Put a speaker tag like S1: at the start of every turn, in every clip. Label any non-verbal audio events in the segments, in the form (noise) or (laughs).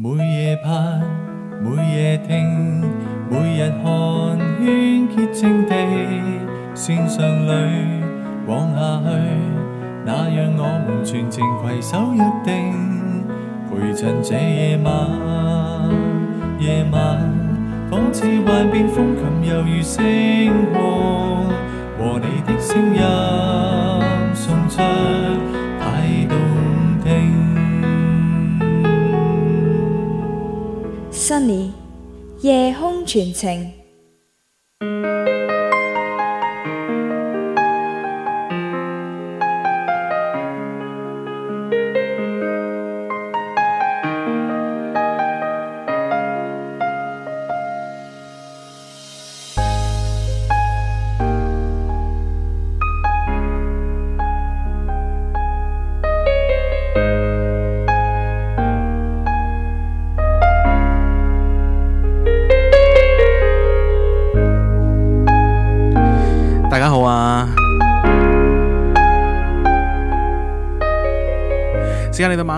S1: 每夜盼，每夜聽，每日寒暄潔淨地線上裏往下去。那樣我們全程攜手約定，陪襯這夜晚。夜晚仿似幻變風琴，猶如聲和，和你的聲音。
S2: Sunny 夜空傳情。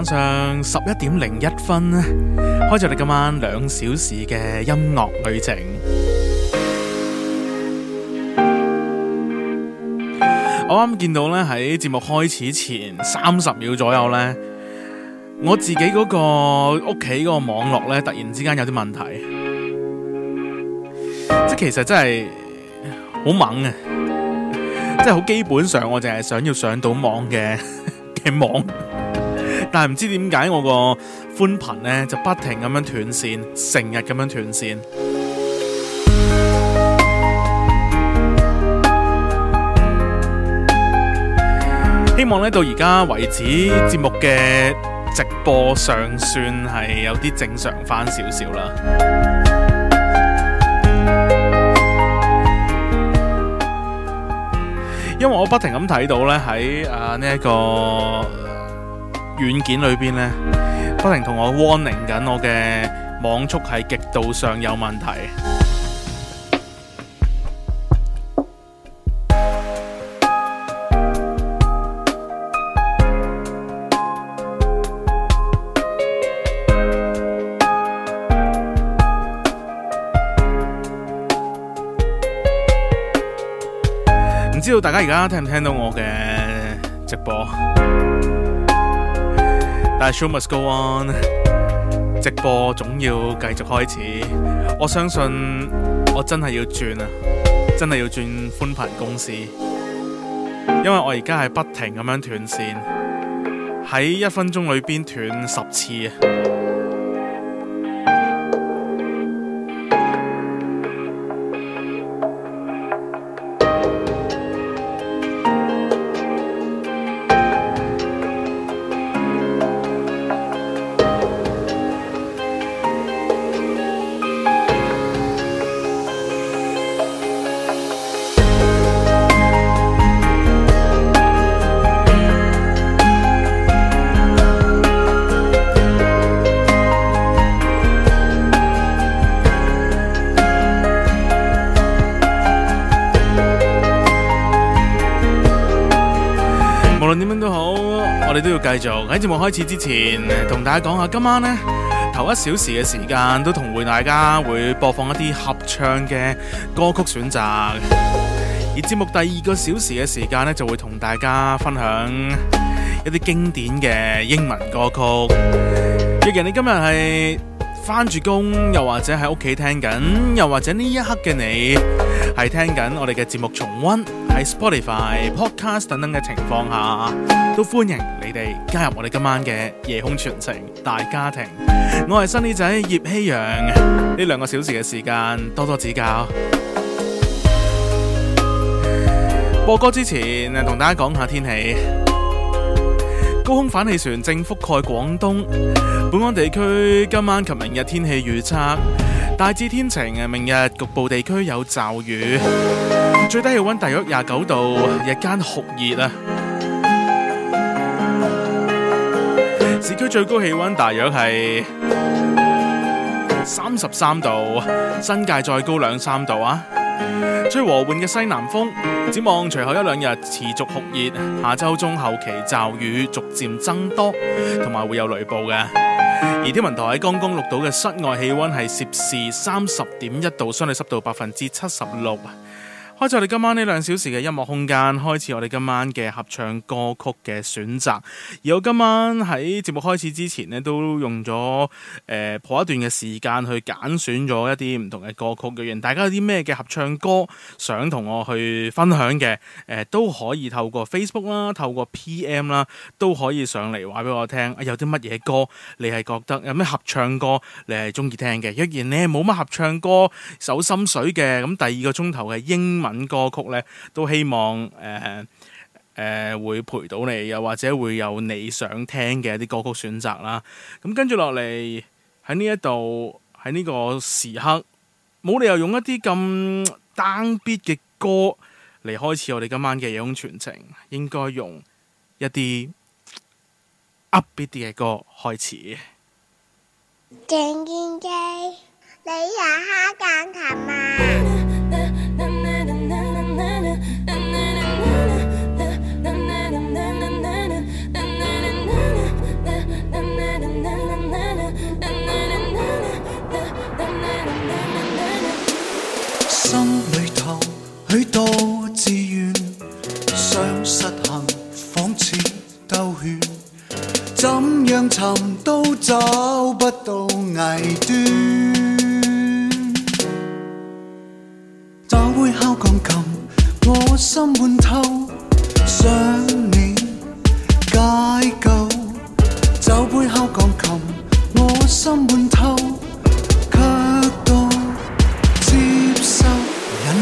S3: 晚上十一點零一分，開著你今晚兩小時嘅音樂旅程。 (music) 我啱見到咧喺節目開始前三十秒左右咧，我自己嗰個屋企個網絡咧，突然之間有啲問題，即其實真係好猛啊！即係好基本上我淨係想要上到網嘅嘅網。但係唔知點解我個寬頻呢就不停咁樣斷線，成日咁樣斷線。希望呢到而家為止節目嘅直播尚算係有啲正常翻少少啦。因為我不停咁睇到呢喺啊呢一、這個。軟件裏面呢，不停同我 warning 緊，我嘅網速係極度上有問題。唔知道大家而家聽唔聽到我嘅直播？但係 show must go on，直播總要繼續開始。我相信我真係要轉啊，真係要轉寬頻公司，因為我而家係不停咁樣斷線，喺一分鐘裏邊斷十次。繼續。喺節目開始之前，同大家講下今晚呢頭一小時嘅時間都同會大家會播放一啲合唱嘅歌曲選擇，而節目第二個小時嘅時間呢，就會同大家分享一啲經典嘅英文歌曲。若然你今日係翻住工，又或者喺屋企聽緊，又或者呢一刻嘅你係聽緊我哋嘅節目重溫。喺 Spotify、Sp ify, Podcast 等等嘅情況下，都歡迎你哋加入我哋今晚嘅夜空傳情大家庭。我係新啲仔葉希揚，呢兩個小時嘅時間多多指教。播歌之前，同大家講下天氣。高空反氣旋正覆蓋廣東，本港地區今晚及明日天氣預測大致天晴，明日局部地區有驟雨。最低氣溫大約廿九度，日間酷熱啊！市區最高氣溫大約係三十三度，新界再高兩三度啊！吹和緩嘅西南風，展望隨後一兩日持續酷熱，下周中後期驟雨逐漸增多，同埋會有雷暴嘅。而天文台喺江公六島嘅室外氣溫係攝氏三十點一度，相對濕度百分之七十六。開咗、啊、我哋今晚呢兩小時嘅音樂空間，開始我哋今晚嘅合唱歌曲嘅選擇。而我今晚喺節目開始之前咧，都用咗誒破一段嘅時間去揀選咗一啲唔同嘅歌曲嘅。原來大家有啲咩嘅合唱歌想同我去分享嘅誒、呃、都可以透過 Facebook 啦，透過 PM 啦，都可以上嚟話俾我聽。啊、有啲乜嘢歌你係覺得有咩合唱歌你係中意聽嘅？若然你冇乜合唱歌手心水嘅，咁第二個鐘頭嘅英文。歌曲咧，都希望誒誒、呃呃、會陪到你，又或者會有你想聽嘅一啲歌曲選擇啦。咁、嗯、跟住落嚟喺呢一度喺呢個時刻，冇理由用一啲咁 d 必嘅歌嚟開始我哋今晚嘅夜空傳情，應該用一啲 up beat 嘅歌開始。
S2: 鄭建基，你又哈鋼琴啊？ (noise) (noise)
S4: 許多志願想實行，仿似兜圈，怎樣尋都找不到崖端。 (noise) 酒杯敲鋼琴，我心悶透，想你解救。酒杯敲鋼琴，我心悶透。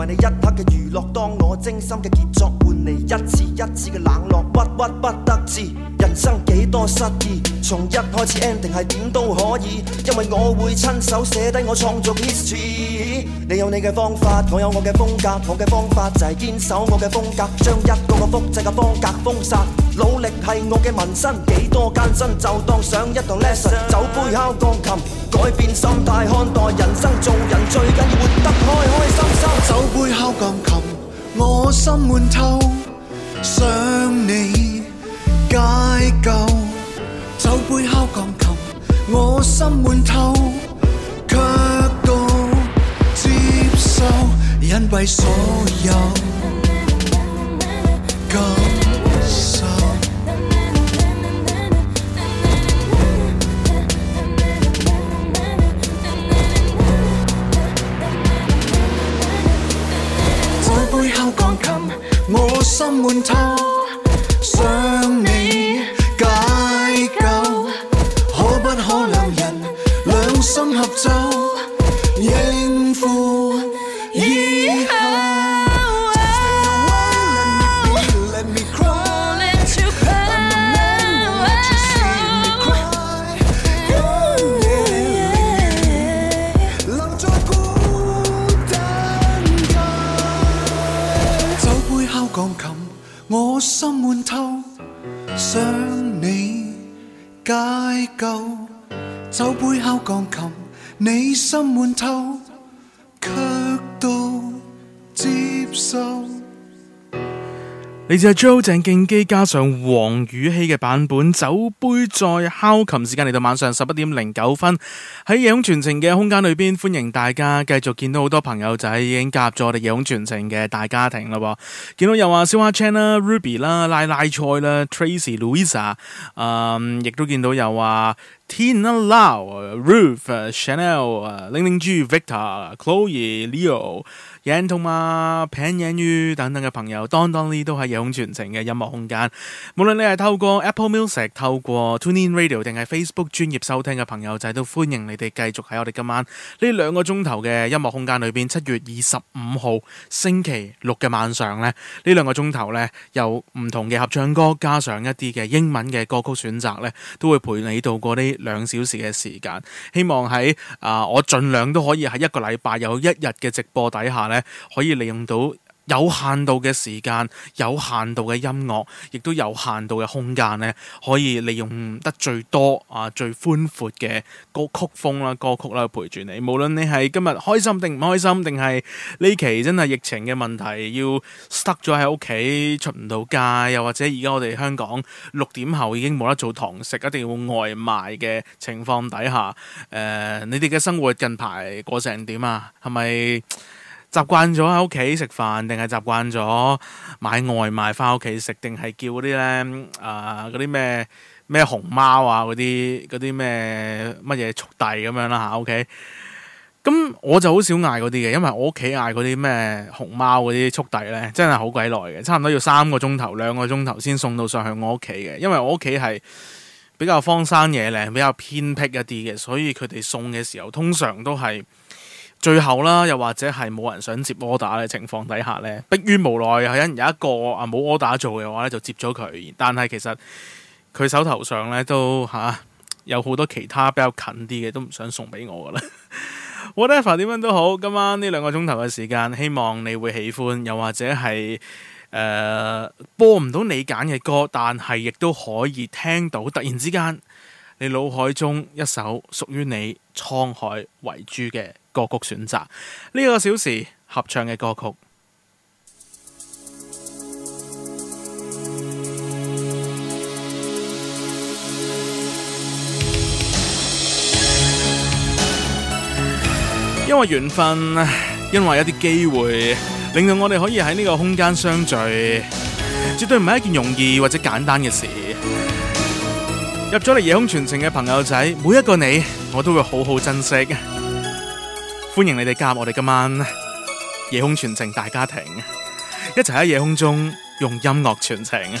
S2: 為你一刻嘅娛樂，當我精心嘅傑作，換嚟一次一次嘅冷落，屈屈不得志。人生幾多失意，從一開始 ending 係點都可以，因為我會親手寫低我創作 history。你有你嘅方法，我有我嘅風格，我嘅方法就係堅守我嘅風格，將一個個複製嘅風格封殺。努力係我嘅民生，幾多艱辛就當上一堂 lesson。酒杯敲鋼琴，改變心態看待人生。做人最緊要活得開開心心。酒杯敲鋼琴，我
S4: 心悶透，想你解救。酒杯敲鋼琴，我心悶透，卻都接受隱蔽所有感受。我心滿透，想你。敲鋼琴，你心滿透。 (noise)
S3: 你就係 Jo 鄭敬基加上黃宇希嘅版本，酒杯再敲琴時間嚟到晚上十一點零九分，喺夜空傳情嘅空間裏邊，歡迎大家繼續，見到好多朋友仔已經加咗我哋夜空傳情嘅大家庭啦。見到又啊，小蝦 Chan 啦，Ruby 啦，拉拉菜啦，Tracey，Luisa，誒，亦都見到又 Tina Lau Ruth，Chanel，零零 G，Victor，Chloe，Leo。Victor, Chloe, Leo, 人同埋平人語等等嘅朋友，當當呢都係夜空傳情嘅音樂空間。無論你係透過 Apple Music、透過 TuneIn Radio 定係 Facebook 專頁收聽嘅朋友仔，都歡迎你哋繼續。喺我哋今晚呢兩個鐘頭嘅音樂空間裏邊，七月二十五號星期六嘅晚上咧，呢兩個鐘頭咧，有唔同嘅合唱歌，加上一啲嘅英文嘅歌曲選擇咧，都會陪你度過呢兩小時嘅時間。希望喺啊、呃，我盡量都可以喺一個禮拜有一日嘅直播底下。可以利用到有限度嘅時間、有限度嘅音樂，亦都有限度嘅空間咧，可以利用得最多啊！最寬闊嘅歌曲風啦、歌曲啦，陪住你。無論你係今日開心定唔開心，定係呢期真係疫情嘅問題，要塞咗喺屋企，出唔到街，又或者而家我哋香港六點後已經冇得做堂食，一定要外賣嘅情況底下，誒、呃，你哋嘅生活近排過成點啊？係咪？習慣咗喺屋企食飯，定係習慣咗買外賣翻屋企食，定係叫嗰啲咧，誒，嗰啲咩咩熊貓啊，嗰啲嗰啲咩乜嘢速遞咁樣啦吓？O K，咁我就好少嗌嗰啲嘅，因為我屋企嗌嗰啲咩熊貓嗰啲速遞咧，真係好鬼耐嘅，差唔多要三個鐘頭、兩個鐘頭先送到上去我屋企嘅，因為我屋企係比較荒山野嶺、比較偏僻一啲嘅，所以佢哋送嘅時候通常都係。最後啦，又或者係冇人想接柯打嘅情況底下呢，逼於無奈係因有一個啊，冇柯打做嘅話呢，就接咗佢。但係其實佢手頭上呢，都吓、啊、有好多其他比較近啲嘅，都唔想送俾我噶啦。Whatever，點樣都好，今晚呢兩個鐘頭嘅時間，希望你會喜歡，又或者係誒、呃、播唔到你揀嘅歌，但係亦都可以聽到。突然之間，你腦海中一首屬於你滄海遺珠嘅。歌曲選擇呢、這個小時合唱嘅歌曲，因為緣分，因為一啲機會，令到我哋可以喺呢個空間相聚，絕對唔係一件容易或者簡單嘅事。入咗嚟夜空傳情嘅朋友仔，每一個你，我都會好好珍惜。歡迎你哋加入我哋今晚夜空傳情大家庭，一齊喺夜空中用音樂傳情。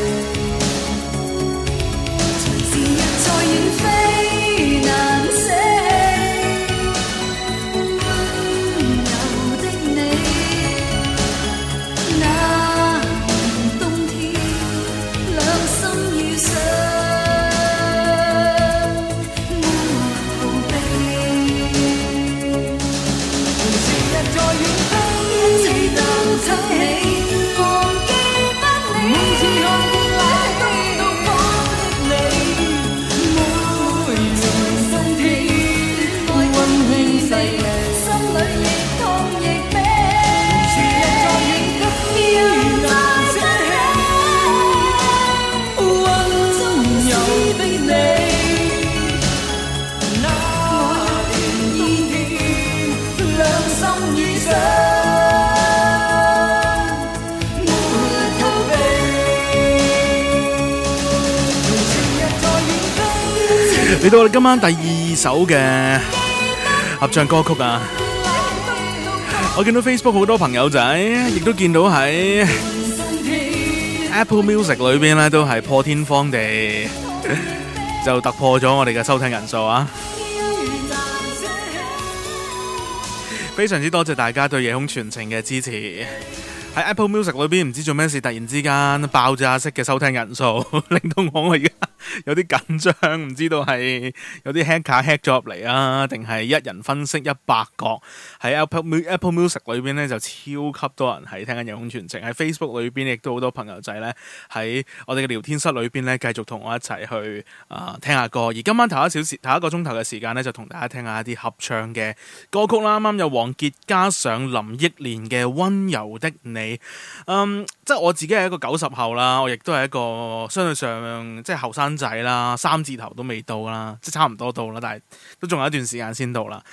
S3: 到我哋今晚第二首嘅合唱歌曲啊！我見到 Facebook 好多朋友仔，亦都見到喺 Apple Music 裏邊咧，都係破天荒地就突破咗我哋嘅收聽人數啊！非常之多謝大家對夜空傳情嘅支持，喺 Apple Music 裏邊唔知做咩事，突然之間爆炸式嘅收聽人數， (laughs) 令到我而家～有啲緊張，唔知道係有啲 hacker hack 咗入嚟啊，定係一人分析一百個。喺 Apple Apple Music 裏邊呢，就超級多人喺聽緊《夜空傳情》，喺 Facebook 裏邊亦都好多朋友仔呢，喺我哋嘅聊天室裏邊呢，繼續同我一齊去啊、呃、聽下歌。而今晚頭一小時頭一個鐘頭嘅時間呢，就同大家聽下一啲合唱嘅歌曲啦。啱啱有王傑加上林憶蓮嘅《溫柔的你》。嗯，即係我自己係一個九十後啦，我亦都係一個相對上即係後生。仔啦，三字頭都未到啦，即差唔多到啦，但係都仲有一段時間先到啦。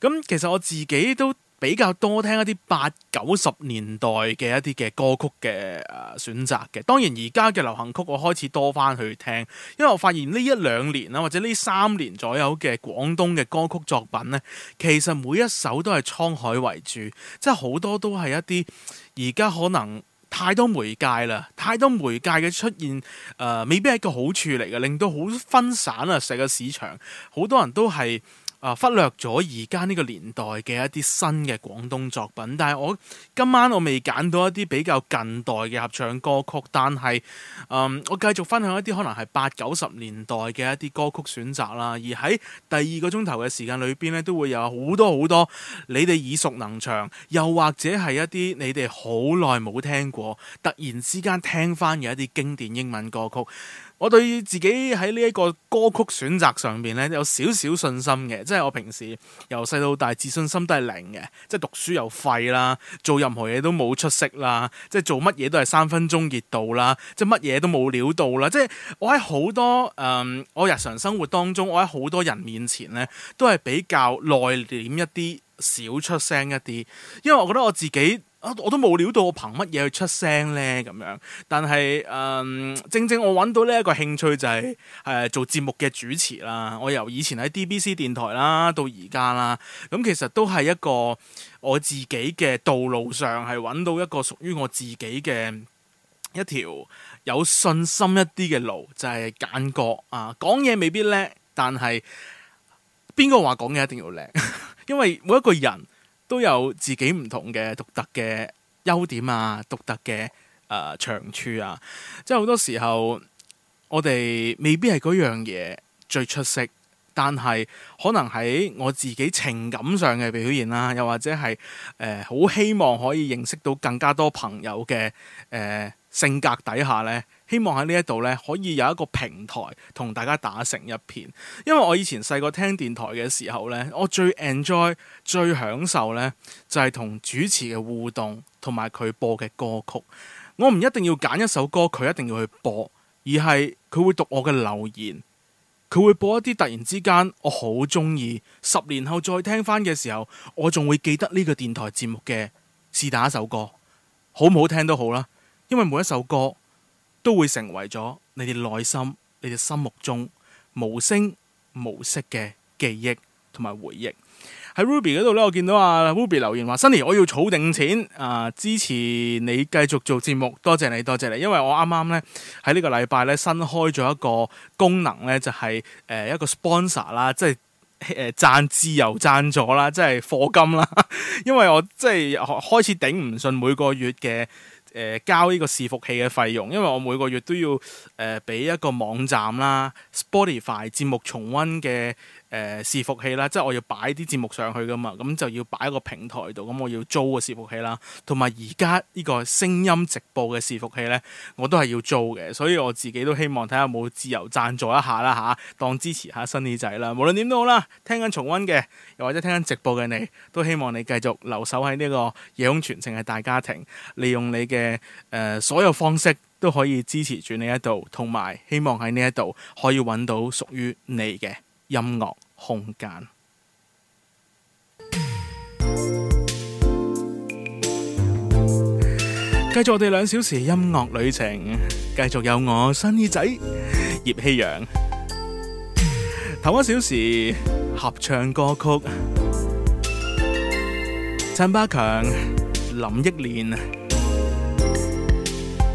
S3: 咁、嗯、其實我自己都比較多聽一啲八九十年代嘅一啲嘅歌曲嘅、呃、選擇嘅。當然而家嘅流行曲我開始多返去聽，因為我發現呢一兩年啦、啊，或者呢三年左右嘅廣東嘅歌曲作品呢，其實每一首都係滄海遺珠，即係好多都係一啲而家可能。太多媒介啦，太多媒介嘅出現，誒、呃、未必係一個好處嚟嘅，令到好分散啊，成個市場，好多人都係。啊！忽略咗而家呢個年代嘅一啲新嘅廣東作品，但係我今晚我未揀到一啲比較近代嘅合唱歌曲，但係、嗯，我繼續分享一啲可能係八九十年代嘅一啲歌曲選擇啦。而喺第二個鐘頭嘅時間裏邊呢，都會有好多好多你哋耳熟能詳，又或者係一啲你哋好耐冇聽過，突然之間聽翻嘅一啲經典英文歌曲。我對自己喺呢一個歌曲選擇上面咧有少少信心嘅，即係我平時由細到大自信心都係零嘅，即係讀書又廢啦，做任何嘢都冇出息啦，即係做乜嘢都係三分鐘熱度啦，即係乜嘢都冇料到啦，即係我喺好多誒、嗯，我日常生活當中，我喺好多人面前咧都係比較內斂一啲，少出聲一啲，因為我覺得我自己。我都冇料到我憑乜嘢去出聲呢。咁樣，但係誒、呃，正正我揾到呢一個興趣就係、是、誒、呃、做節目嘅主持啦。我由以前喺 DBC 電台啦，到而家啦，咁、嗯、其實都係一個我自己嘅道路上係揾到一個屬於我自己嘅一條有信心一啲嘅路，就係感覺啊，講、呃、嘢未必叻，但係邊個話講嘢一定要叻？ (laughs) 因為每一個人。都有自己唔同嘅獨特嘅優點啊，獨特嘅誒、呃、長處啊，即係好多時候我哋未必係嗰樣嘢最出色，但係可能喺我自己情感上嘅表現啦、啊，又或者係誒好希望可以認識到更加多朋友嘅誒、呃、性格底下咧。希望喺呢一度咧，可以有一個平台同大家打成一片。因為我以前細個聽電台嘅時候咧，我最 enjoy 最享受咧就係、是、同主持嘅互動，同埋佢播嘅歌曲。我唔一定要揀一首歌，佢一定要去播，而係佢會讀我嘅留言，佢會播一啲突然之間我好中意，十年後再聽翻嘅時候，我仲會記得呢個電台節目嘅是打一首歌，好唔好聽都好啦。因為每一首歌，都會成為咗你哋內心、你哋心目中無聲無息嘅記憶同埋回憶。喺 Ruby 嗰度咧，我見到啊 Ruby 留言話：Sunny，我要儲定錢啊、呃，支持你繼續做節目。多謝你，多謝你。因為我啱啱咧喺呢個禮拜咧新開咗一個功能咧，就係、是、誒、呃、一個 sponsor 啦，即係誒贊自由贊助啦，即係課金啦。因為我即係開始頂唔順每個月嘅。誒、呃、交呢個伺服器嘅費用，因為我每個月都要誒俾、呃、一個網站啦，Spotify 節目重溫嘅。誒、呃、伺服器啦，即係我要擺啲節目上去噶嘛，咁就要擺一個平台度，咁我要租個伺服器啦，同埋而家呢個聲音直播嘅伺服器呢，我都係要租嘅，所以我自己都希望睇下有冇自由贊助一下啦吓、啊，當支持下 Sunny 仔啦，無論點都好啦，聽緊重溫嘅，又或者聽緊直播嘅你，都希望你繼續留守喺呢個夜空傳情嘅大家庭，利用你嘅誒、呃、所有方式都可以支持住呢一度，同埋希望喺呢一度可以揾到屬於你嘅。音樂空間，繼續我哋兩小時音樂旅程，繼續有我新衣仔葉希揚，頭一小時合唱歌曲，陳百強、林憶蓮，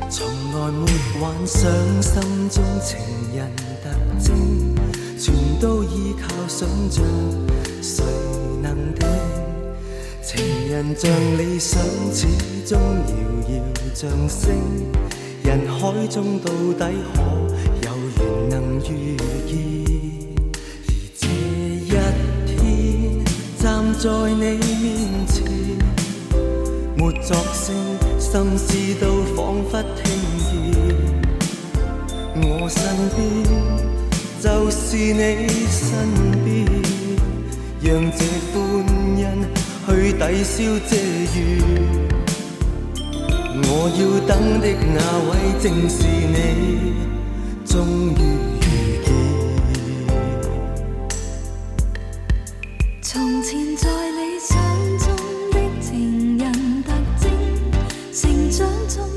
S2: 從來沒幻想，心中情人的真。全都依靠想像，誰能定？情人像理想，始終遙遙像星。人海中到底可有緣能遇見？而這一天站在你面前，沒作聲，心思都彷彿聽見我身邊。就是你身邊，讓這歡欣去抵消這怨。我要等的那位正是你，終於遇見。從前在理想中的情人特徵，成長中。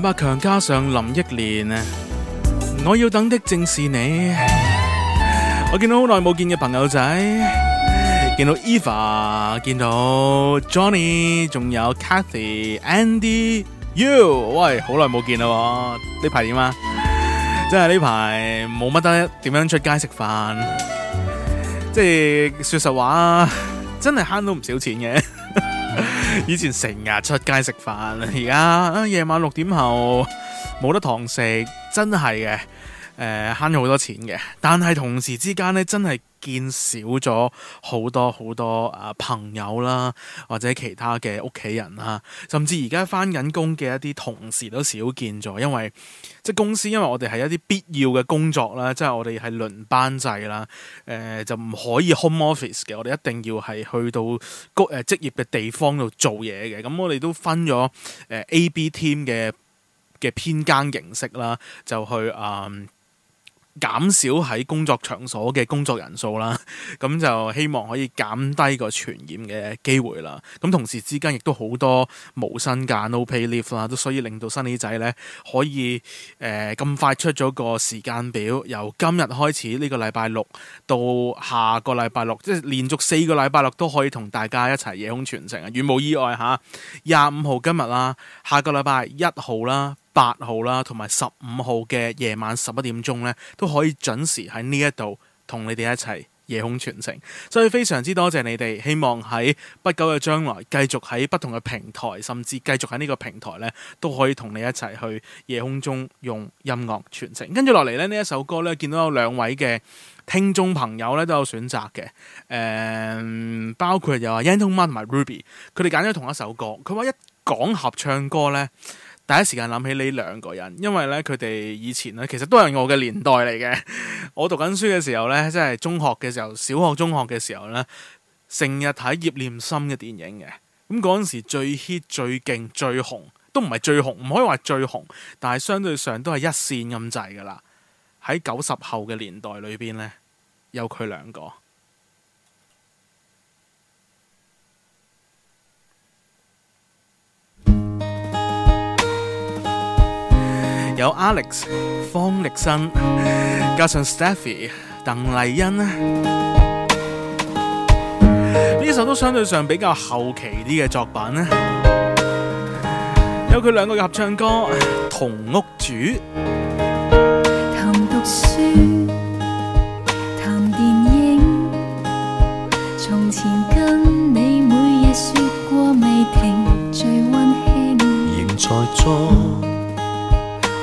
S3: 百強加上林憶蓮啊！我要等的正是你。我見到好耐冇見嘅朋友仔，見到 Eva，見到 Johnny，仲有 Cathy、Andy、You。喂，好耐冇見啦，呢排點啊？真係呢排冇乜得，點樣出街食飯？即係說實話，真係慳到唔少錢嘅。以前成日出街食飯，而家啊夜晚六點後冇得堂食，真係嘅，誒慳咗好多錢嘅，但係同時之間咧真係。見少咗好多好多啊朋友啦，或者其他嘅屋企人啦，甚至而家返緊工嘅一啲同事都少見咗，因為即係公司，因為我哋係一啲必要嘅工作啦，即係我哋係輪班制啦，誒、呃、就唔可以 home office 嘅，我哋一定要係去到高誒職業嘅地方度做嘢嘅，咁、嗯、我哋都分咗誒 A、呃、B team 嘅嘅編更形式啦，就去啊。呃減少喺工作場所嘅工作人數啦，咁、 (laughs) 嗯、就希望可以減低個傳染嘅機會啦。咁、嗯、同事之間亦都好多無薪假、o、no、pay leave 啦，都所以令到 Sunny 仔咧可以誒咁、呃、快出咗個時間表，由今日開始呢、這個禮拜六到下個禮拜六，即係連續四個禮拜六都可以同大家一齊夜空傳情啊！如無意外嚇，廿五號今日啦，下個禮拜一號啦。八號啦，同埋十五號嘅夜晚十一點鐘呢，都可以準時喺呢一度同你哋一齊夜空傳情，所以非常之多謝你哋。希望喺不久嘅將來，繼續喺不同嘅平台，甚至繼續喺呢個平台呢，都可以同你一齊去夜空中用音樂傳情。跟住落嚟咧，呢一首歌呢，見到有兩位嘅聽眾朋友呢，都有選擇嘅，誒、嗯，包括有啊 Anthony 同 Ruby，佢哋揀咗同一首歌。佢話一講合唱歌呢，第一時間諗起呢兩個人，因為咧佢哋以前咧其實都係我嘅年代嚟嘅。 (laughs) 我讀緊書嘅時候咧，即係中學嘅時候、小學、中學嘅時候咧，成日睇葉念琛嘅電影嘅。咁嗰陣時最 hit、最勁、最紅，都唔係最紅，唔可以話最紅，但係相對上都係一線咁滯噶啦。喺九十後嘅年代裏邊咧，有佢兩個。有 Alex、方力申，加上 Stephy、啊、鄧麗欣，呢首都相對上比較後期啲嘅作品咧、啊。有佢兩個合唱歌《同屋主》。
S2: 談讀書，談電影，從前跟你每夜說過未停，最温馨，
S1: 仍在做。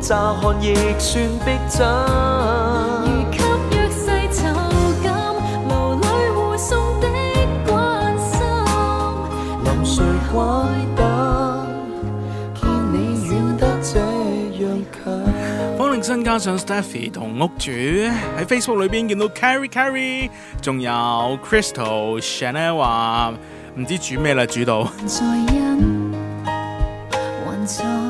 S2: 乍看亦算逼真。如給弱勢囚禁，樓裏護送的關心，臨睡關燈，見你遠得這樣近。
S3: 方力申加上 Stephy 同屋主喺 Facebook 裏邊見到 Carry Carry，仲有 Crystal Chanel 話唔知煮咩啦，煮到。 (laughs)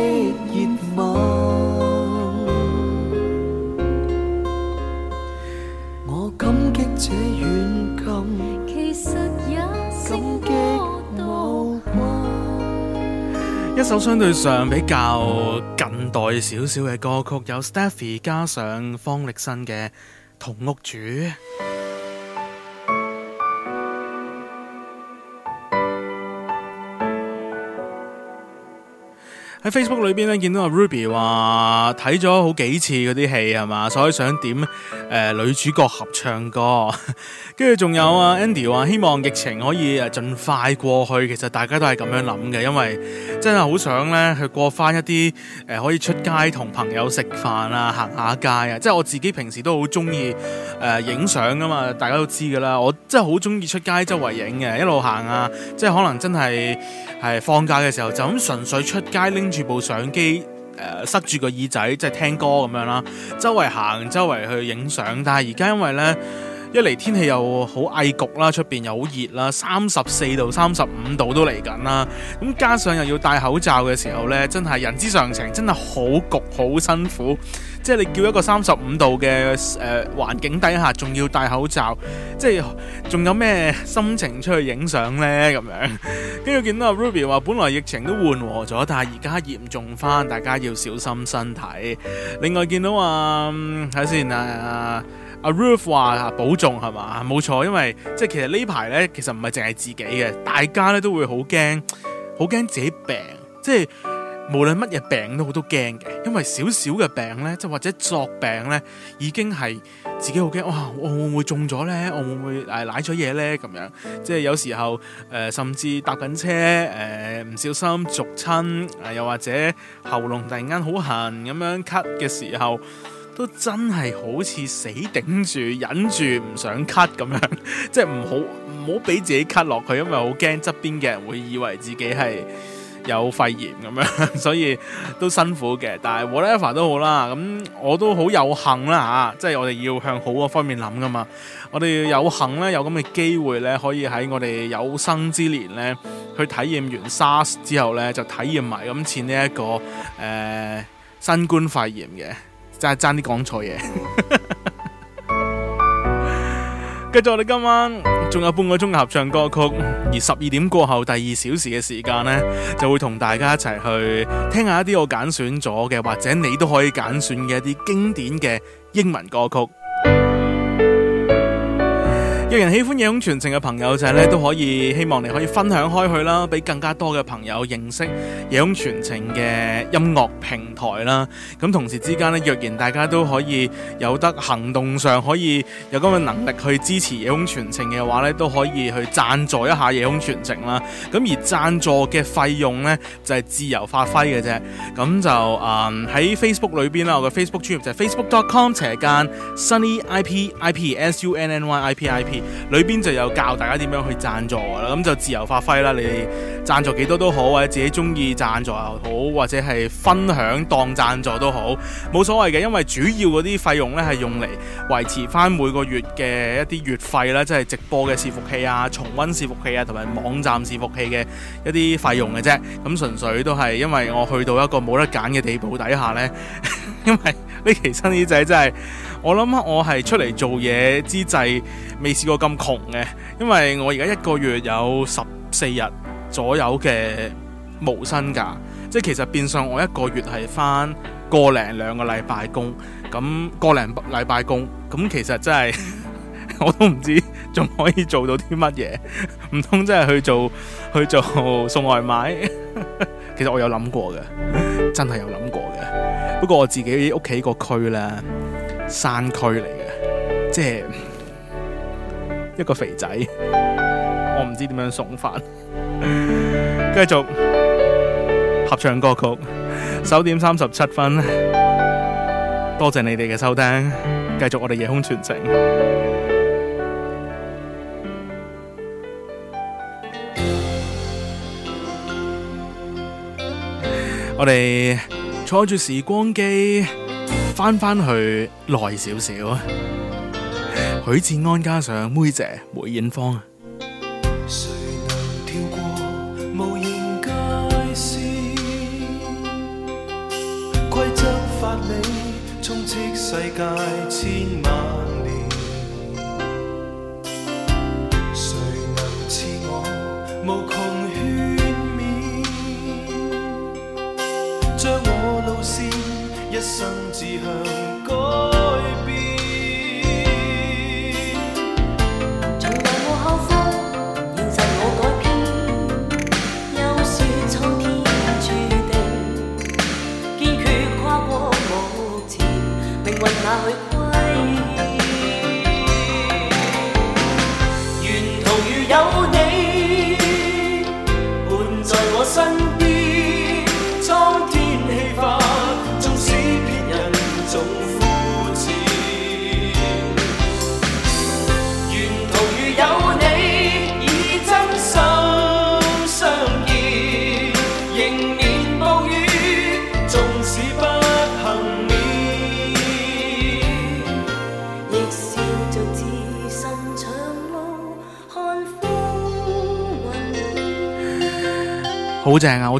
S3: 一首相對上比較近代少少嘅歌曲，有 Stephy 加上方力申嘅《同屋主》。喺 Facebook 裏邊咧見到阿 Ruby 話睇咗好幾次嗰啲戲係嘛，所以想點誒、呃、女主角合唱歌，跟住仲有啊 Andy 話希望疫情可以誒盡快過去。其實大家都係咁樣諗嘅，因為真係好想咧去過翻一啲誒、呃、可以出街同朋友食飯啊、行下街啊。即係我自己平時都好中意誒影相噶嘛，大家都知噶啦。我真係好中意出街周圍影嘅，一路行啊。即係可能真係係放假嘅時候就咁純粹出街拎。住部相機，誒、呃，塞住個耳仔，即係聽歌咁樣啦。周圍行，周圍去影相。但係而家因為呢。一嚟天氣又好翳焗啦，出邊又好熱啦，三十四度、三十五度都嚟緊啦。咁加上又要戴口罩嘅時候呢，真係人之常情，真係好焗、好辛苦。即係你叫一個三十五度嘅誒、呃、環境底下，仲要戴口罩，即係仲有咩心情出去影相呢？咁樣跟住見到 Ruby 話，本來疫情都緩和咗，但係而家嚴重翻，大家要小心身體。另外見到啊，睇先啊。阿 Ralph 話：保重係嘛？冇錯，因為即係其實呢排咧，其實唔係淨係自己嘅，大家咧都會好驚，好驚自己病。即係無論乜嘢病都好都驚嘅，因為少少嘅病咧，即或者作病咧，已經係自己好驚。哇！我會唔會中咗咧？我會唔會誒瀨咗嘢咧？咁樣即係有時候誒、呃，甚至搭緊車誒，唔、呃、小心逐親，又或者喉嚨突然間好痕咁樣咳嘅時候，都真係好似死頂住忍住唔想咳咁樣，即係唔好唔好俾自己咳落去，因為好驚側邊嘅人會以為自己係有肺炎咁樣， (laughs) 所以都辛苦嘅。但係 whatever 都好啦，咁我都好有幸啦吓，即 (laughs) 係我哋要向好嗰方面諗噶嘛， (laughs) 我哋有幸咧有咁嘅機會咧，可以喺我哋有生之年咧去體驗完 SARS 之後咧，就體驗埋今次呢一個誒、呃、新冠肺炎嘅。真係爭啲講錯嘢。 (laughs) 繼續，我哋今晚仲有半個鐘合唱歌曲，而十二點過後第二小時嘅時間呢，就會同大家一齊去聽一下一啲我揀選咗嘅，或者你都可以揀選嘅一啲經典嘅英文歌曲。若然喜歡夜空傳情嘅朋友就係咧，都可以希望你可以分享開去啦，俾更加多嘅朋友認識夜空傳情嘅音樂平台啦。咁同時之間咧，若然大家都可以有得行動上可以有咁嘅能力去支持夜空傳情嘅話呢，都可以去贊助一下夜空傳情啦。咁而贊助嘅費用呢，就係、是、自由發揮嘅啫。咁就啊喺、嗯、Facebook 裏邊啦，我嘅 Facebook 專頁就係 Facebook.com 斜間 SunnyIPIP S U N N Y IPIP。P I P, 裏邊就有教大家點樣去贊助啦，咁就自由發揮啦。你贊助幾多都好，或者自己中意贊助又好，或者係分享當贊助都好，冇所謂嘅。因為主要嗰啲費用呢，係用嚟維持翻每個月嘅一啲月費啦，即係直播嘅伺服器啊、重溫伺服器啊同埋網站伺服器嘅一啲費用嘅啫。咁純粹都係因為我去到一個冇得揀嘅地步底下呢， (laughs) 因為呢期生意仔真係。我諗我係出嚟做嘢之際，未試過咁窮嘅，因為我而家一個月有十四日左右嘅無薪假。即係其實變相我一個月係翻個零兩個禮拜工，咁個零禮拜工，咁其實真係 (laughs) 我都唔知仲可以做到啲乜嘢，唔通真係去做去做送外賣？ (laughs) 其實我有諗過嘅，真係有諗過嘅，不過我自己屋企個區呢。山區嚟嘅，即係一個肥仔，我唔知點樣送飯。繼續合唱歌曲，九點三十七分。多謝你哋嘅收聽，繼續我哋夜空傳情。 (music) 我哋坐住時光機。翻翻去耐少少，許志安加上妹姐梅艷芳啊！
S2: 誰能跳過無形界一生志向。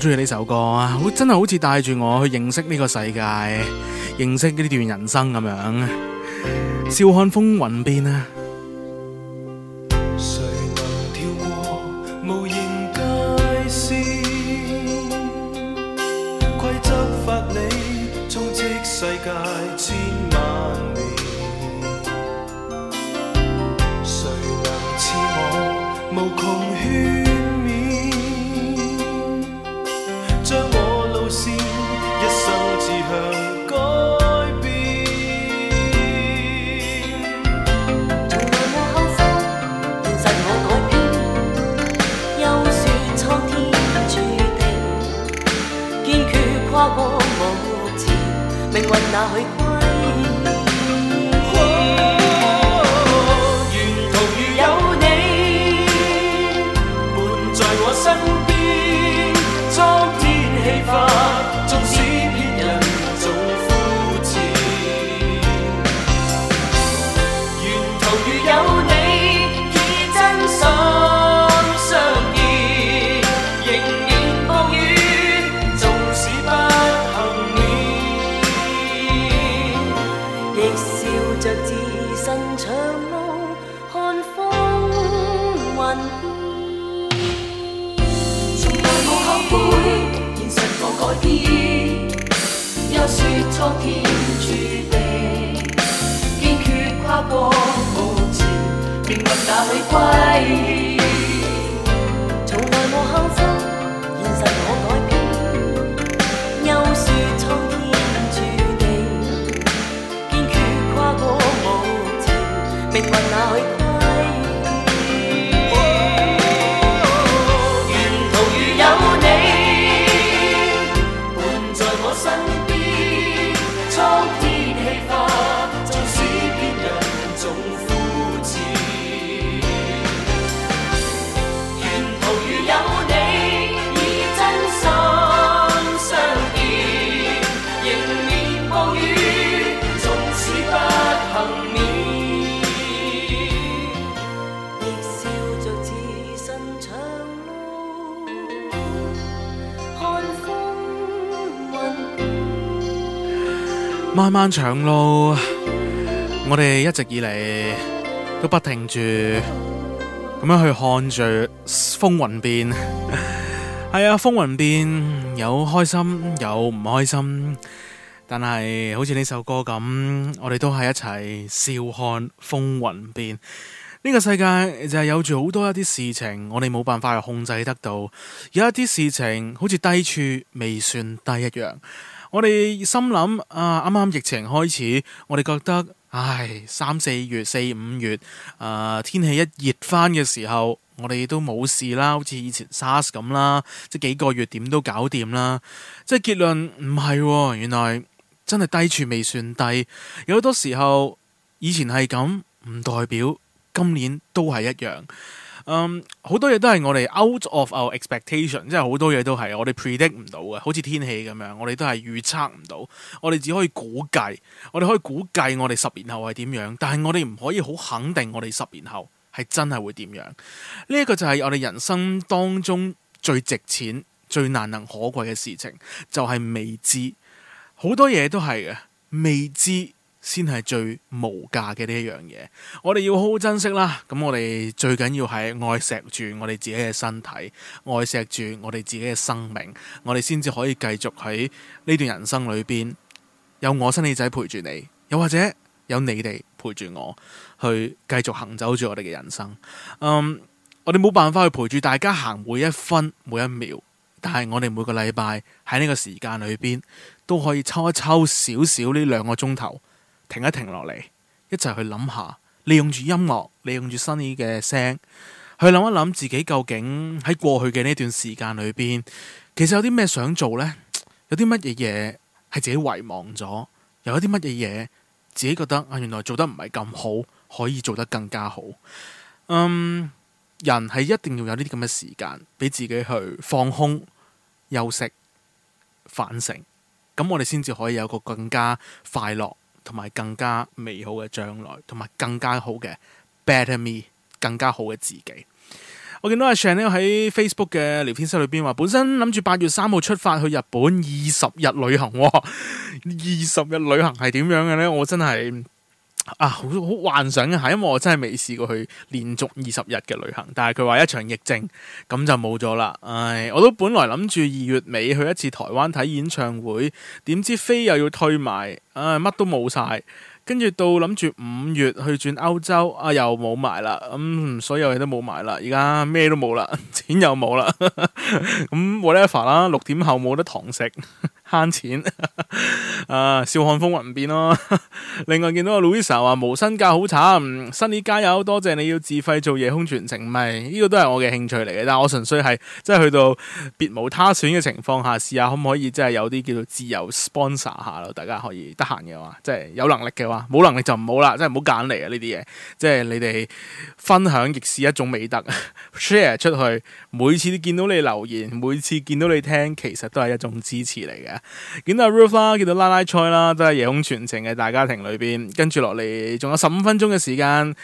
S3: 好中意呢首歌啊，好真係好似帶住我去認識呢個世界，認識呢段人生咁樣，笑看風雲變啊！漫長路，我哋一直以嚟都不停住咁樣去看住風雲變。係 (laughs) 啊，風雲變有開心有唔開心，但係好似呢首歌咁，我哋都係一齊笑看風雲變。呢、呢個世界就係有住好多一啲事情，我哋冇辦法去控制得到。有一啲事情好似低處未算低一樣。我哋心諗啊，啱啱疫情開始，我哋覺得唉，三四月，四五月，啊、呃、天氣一熱翻嘅時候，我哋都冇事啦，好似以前 SARS 咁啦，即係幾個月點都搞掂啦。即係結論唔係喎，原來真係低處未算低，有好多時候以前係咁，唔代表今年都係一樣。嗯、um，好多嘢都係我哋 out of our expectation，即係好多嘢都係我哋 predict 唔到嘅，好似天氣咁樣，我哋都係預測唔到，我哋只可以估計，我哋可以估計我哋十年後係點樣，但係我哋唔可以好肯定我哋十年後係真係會點樣。呢一個就係我哋人生當中最值錢、最難能可貴嘅事情，就係未知。好多嘢都係嘅未知。先係最無價嘅呢一樣嘢，我哋要好好珍惜啦。咁我哋最緊要係愛錫住我哋自己嘅身體，愛錫住我哋自己嘅生命，我哋先至可以繼續喺呢段人生裏邊有我 Sunny 仔陪住你，又或者有你哋陪住我去繼續行走住我哋嘅人生。嗯，我哋冇辦法去陪住大家行每一分每一秒，但係我哋每個禮拜喺呢個時間裏邊都可以抽一抽少少呢兩個鐘頭。停一停落嚟，一齊去諗下，利用住音樂，利用住 Sunny 嘅聲，去諗一諗自己究竟喺過去嘅呢段時間裏邊，其實有啲咩想做咧？有啲乜嘢嘢係自己遺忘咗？又有啲乜嘢嘢自己覺得啊，原來做得唔係咁好，可以做得更加好。嗯，人係一定要有呢啲咁嘅時間，俾自己去放空、休息、反省，咁我哋先至可以有個更加快樂。同埋更加美好嘅將來，同埋更加好嘅 Better me，更加好嘅自己。我見到阿 Shan 咧，喺 Facebook 嘅聊天室裏邊話，本身諗住八月三號出發去日本二十日旅行，哦，二 (laughs) 十日旅行係點樣嘅咧？我真係～啊，好好幻想嘅，啊、吓，因為我真係未試過去連續二十日嘅旅行。但係佢話一場疫症，咁就冇咗啦。唉，我都本來諗住二月尾去一次台灣睇演唱會，點知飛又要退埋，唉，乜都冇晒。跟住到諗住五月去轉歐洲，啊，又冇埋啦。咁、嗯、所有嘢都冇埋啦，而家咩都冇啦，錢又冇啦。咁、 (laughs) 嗯、whatever 啦，六點後冇得堂食。慳省錢 (laughs) 啊！笑看風雲唔變咯。 (laughs) 另外見到阿 Louisa 話無薪假好慘，新年加油！多謝你要自費做夜空全程，咪，呢個都係我嘅興趣嚟嘅。但係我純粹係即係去到別無他選嘅情況下，試下可唔可以即係有啲叫做自由 sponsor 下咯。大家可以得閒嘅話，即係有能力嘅話，冇能力就唔好啦。即係唔好揀嚟啊！呢啲嘢，即係你哋分享亦是一種美德 (laughs) ，share 出去。每次見到你留言，每次見到你聽，其實都係一種支持嚟嘅。見到 Ruff 啦，見到拉拉菜啦，都係夜空傳情嘅大家庭裏邊。跟住落嚟，仲有十五分鐘嘅時間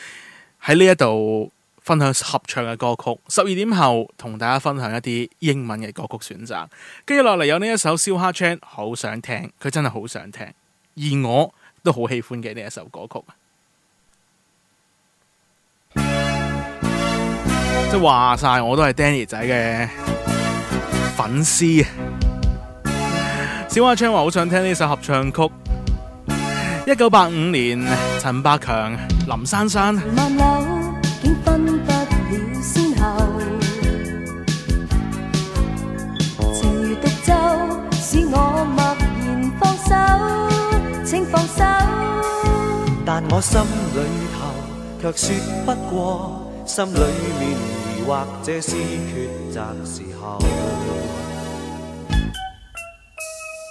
S3: 喺呢一度分享合唱嘅歌曲。十二點後同大家分享一啲英文嘅歌曲選擇。跟住落嚟有呢一首《燒烤 chen》，好想聽，佢真係好想聽，而我都好喜歡嘅呢一首歌曲。即係話晒，我都係 Danny 仔嘅粉絲。小阿昌話好想聽呢首合唱曲。一九八五年，陳百強、林珊珊。
S2: 分
S3: 不
S2: 我放手。請放手，
S5: 但我心
S2: 裡頭卻說不過，心裡面疑惑，這是抉擇時候。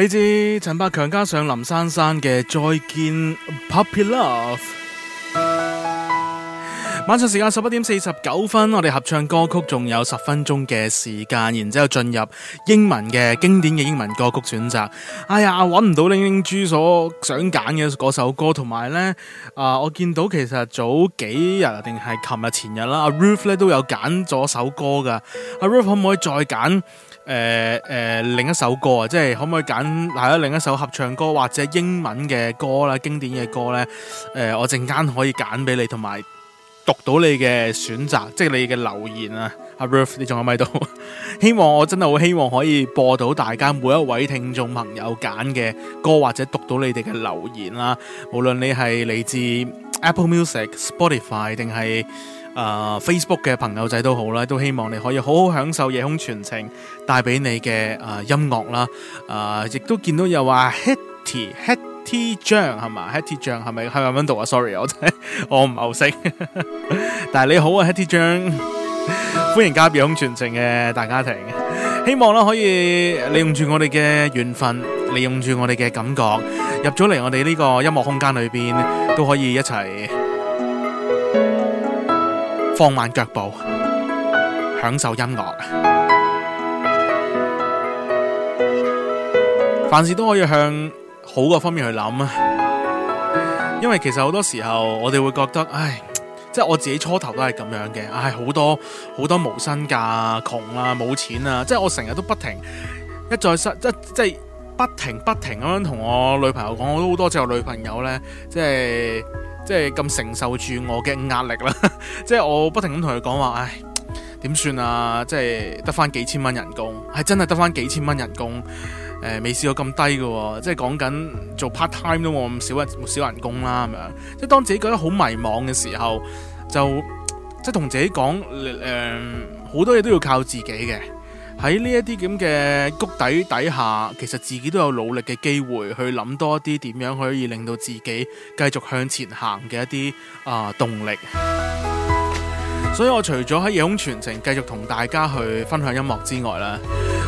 S3: 你知，陳百強加上林珊珊嘅《再見 Puppy Love》。晚上時間十一點四十九分，我哋合唱歌曲仲有十分鐘嘅時間，然之後進入英文嘅經典嘅英文歌曲選擇。哎呀，搵唔到 Ling Ling 珠所想揀嘅嗰首歌，同埋呢，啊、呃，我見到其實早幾日定係琴日前日啦，阿、啊、Ruth 咧都有揀咗首歌噶，阿、啊、Ruth 可唔可以再揀？誒誒、呃呃、另一首歌啊，即係可唔可以揀吓、啊？另一首合唱歌或者英文嘅歌啦，經典嘅歌呢，誒、呃、我陣間可以揀俾你，同埋讀到你嘅選擇，即係你嘅留言啊，阿 Ruth 你仲喺咪度？ (laughs) 希望我真係好希望可以播到大家每一位聽眾朋友揀嘅歌，或者讀到你哋嘅留言啦。無論你係嚟自 Apple Music、Spotify、Spotify 定係。啊、uh,，Facebook 嘅朋友仔都好啦，都希望你可以好好享受夜空傳情帶俾你嘅啊、呃、音樂啦，啊、呃、亦都見到有話 Hetty Hetty 醬係嘛 Hetty 醬係咪係咪？係咁樣讀啊？Sorry，我我唔係好識， (laughs) 但係你好啊 Hetty 醬歡迎加入夜空傳情嘅大家庭， (laughs) 希望啦可以利用住我哋嘅緣分，利用住我哋嘅感覺，入咗嚟我哋呢個音樂空間裏邊，都可以一齊。放慢腳步，享受音樂。凡事都可以向好嘅方面去諗啊！因為其實好多時候，我哋會覺得，唉，即係我自己初頭都係咁樣嘅，唉，好多好多無薪假啊，窮啦，冇錢啊，即係我成日都不停一再失，即即係不停不停咁樣同我女朋友講，我都好多謝我女朋友呢，即係。即係咁承受住我嘅壓力啦， (laughs) 即係我不停咁同佢講話，唉，點算啊？即係得返幾千蚊人工，係真係得返幾千蚊人工，誒、呃，未試過咁低嘅，啊，即係講緊做 part time 都冇咁少人少人工啦，咁樣。即係當自己覺得好迷惘嘅時候，就即係同自己講，誒、呃，好多嘢都要靠自己嘅。喺呢一啲咁嘅谷底底下，其實自己都有努力嘅機會去諗多啲點樣可以令到自己繼續向前行嘅一啲啊、呃、動力。所以我除咗喺夜空傳情繼續同大家去分享音樂之外啦，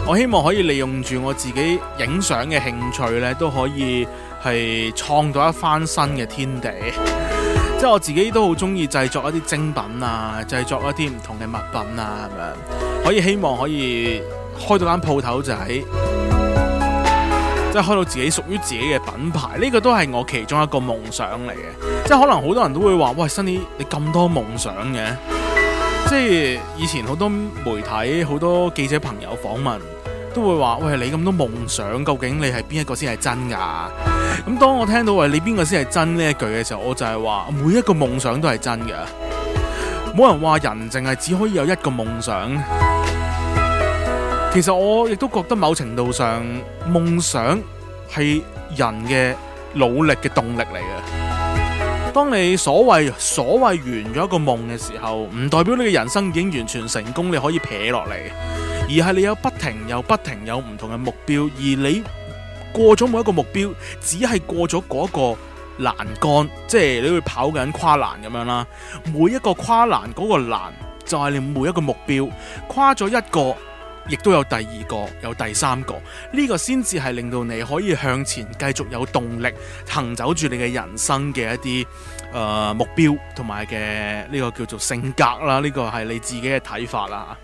S3: 我希望可以利用住我自己影相嘅興趣咧，都可以係創造一番新嘅天地。即係我自己都好中意製作一啲精品啊，製作一啲唔同嘅物品啊，咁樣可以希望可以開到間鋪頭仔，即係開到自己屬於自己嘅品牌，呢個都係我其中一個夢想嚟嘅。即係可能好多人都會話，喂，Sunny 你咁多夢想嘅？即係以前好多媒體、好多記者朋友訪問。都會話喂，你咁多夢想，究竟你係邊一個先係真㗎啊？咁當我聽到喂，你邊個先係真呢一句嘅時候，我就係話每一個夢想都係真嘅，冇人話人淨係只可以有一個夢想。其實我亦都覺得某程度上，夢想係人嘅努力嘅動力嚟嘅。當你所謂所謂完咗一個夢嘅時候，唔代表你嘅人生已經完全成功，你可以撇落嚟。而係你有不停又不停有唔同嘅目標，而你過咗每一個目標，只係過咗嗰個欄杆，即係你會跑緊跨欄咁樣啦。每一個跨欄嗰個欄就係你每一個目標，跨咗一個，亦都有第二個，有第三個，呢、這個先至係令到你可以向前繼續有動力行走住你嘅人生嘅一啲誒、呃、目標同埋嘅呢個叫做性格啦。呢、這個係你自己嘅睇法啦。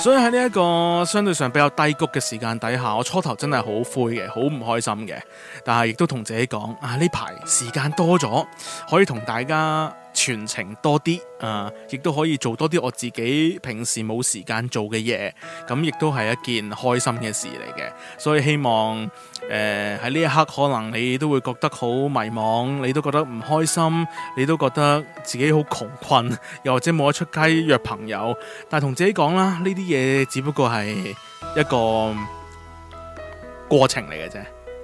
S3: 所以喺呢一個相對上比較低谷嘅時間底下，我初頭真係好灰嘅，好唔開心嘅。但係亦都同自己講啊，呢排時間多咗，可以同大家傳情多啲啊，亦、呃、都可以做多啲我自己平時冇時間做嘅嘢，咁亦都係一件開心嘅事嚟嘅。所以希望。誒，喺呢一刻可能你都會覺得好迷茫，你都覺得唔開心，你都覺得自己好窮困，又或者冇得出街約朋友。但係同自己講啦，呢啲嘢只不過係一個過程嚟嘅啫，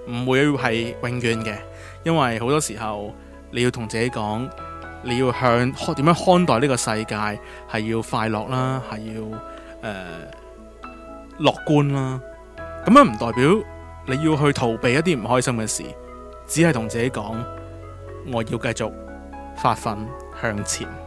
S3: 唔會係永遠嘅。因為好多時候你要同自己講，你要向點樣看待呢個世界，係要快樂啦，係要誒樂觀啦。咁樣唔代表。你要去逃避一啲唔開心嘅事，只係同自己講，我要繼續發奮向前。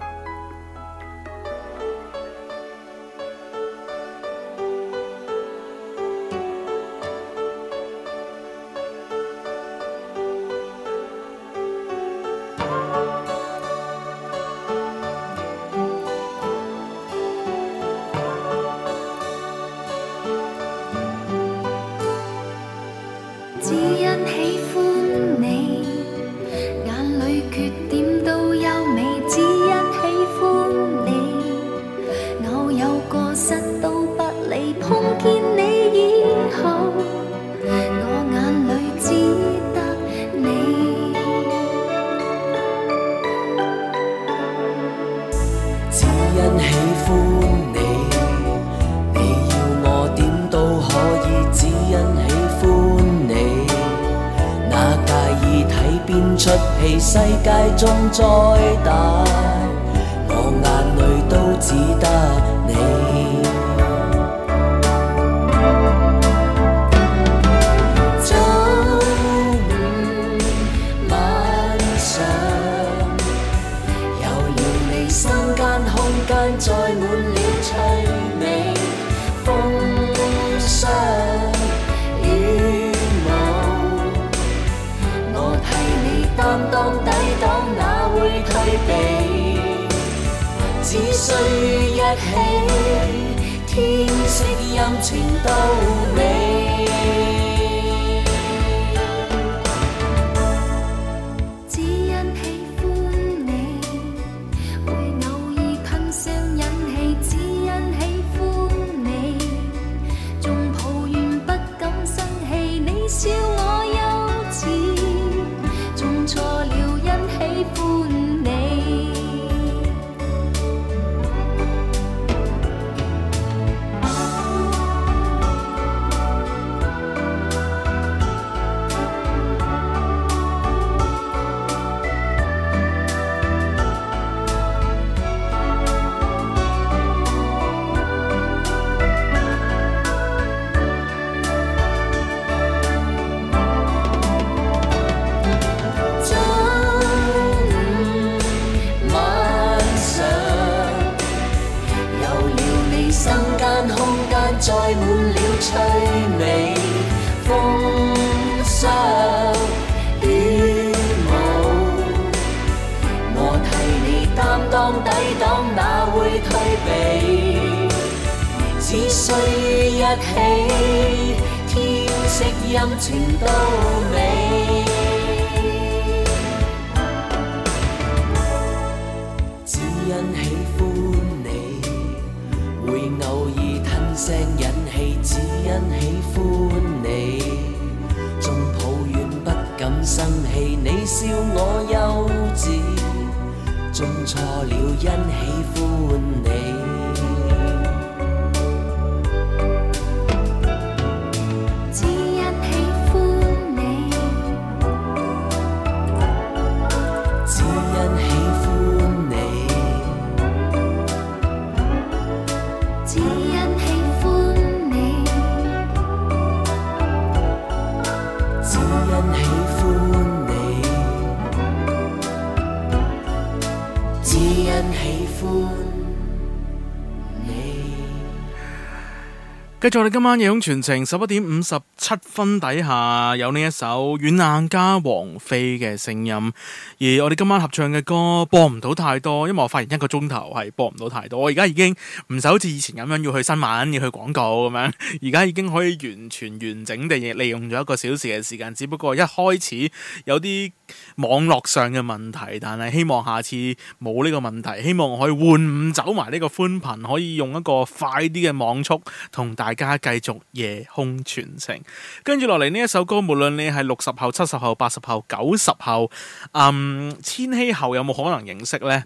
S3: 繼續我哋今晚夜空全程，十一點五十七分底下有呢一首軟硬加王菲嘅聲音，而我哋今晚合唱嘅歌播唔到太多，因為我發現一個鐘頭係播唔到太多。我而家已經唔使好似以前咁樣要去新聞、要去廣告咁樣，而家已經可以完全完整地利用咗一個小時嘅時間。只不過一開始有啲網絡上嘅問題，但係希望下次冇呢個問題，希望可以換唔走埋呢個寬頻，可以用一個快啲嘅網速同大。家繼續夜空傳情，跟住落嚟呢一首歌，無論你係六十後、七十後、八十後、九十後，嗯，千禧後有冇可能認識呢？誒、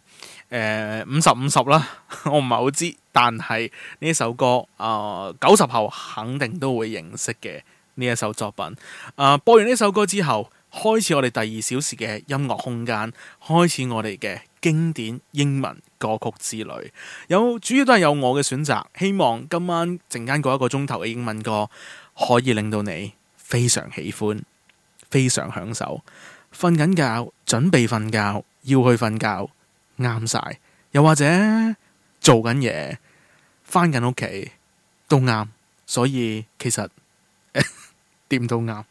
S3: 呃，五十五十啦，我唔係好知，但係呢一首歌，啊、呃，九十後肯定都會認識嘅呢一首作品。啊、呃，播完呢首歌之後，開始我哋第二小時嘅音樂空間，開始我哋嘅。經典英文歌曲之類，有主要都係有我嘅選擇。希望今晚陣間嗰一個鐘頭嘅英文歌可以令到你非常喜歡、非常享受。瞓緊覺、準備瞓覺、要去瞓覺，啱晒。又或者做緊嘢、翻緊屋企，都啱。所以其實誒，掂到啱。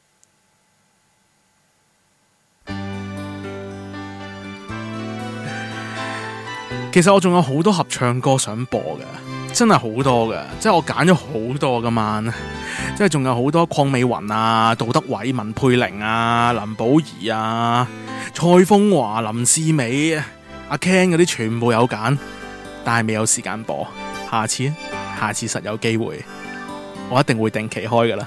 S3: 其實我仲有好多合唱歌想播嘅，真係好多嘅，即係我揀咗好多嘅嘛，即係仲有好多鄺美雲啊、杜德偉、文佩玲啊、林寶儀啊、蔡楓華、林思美啊、阿 Ken 嗰啲全部有揀，但係未有時間播，下次，下次實有機會，我一定會定期開噶啦。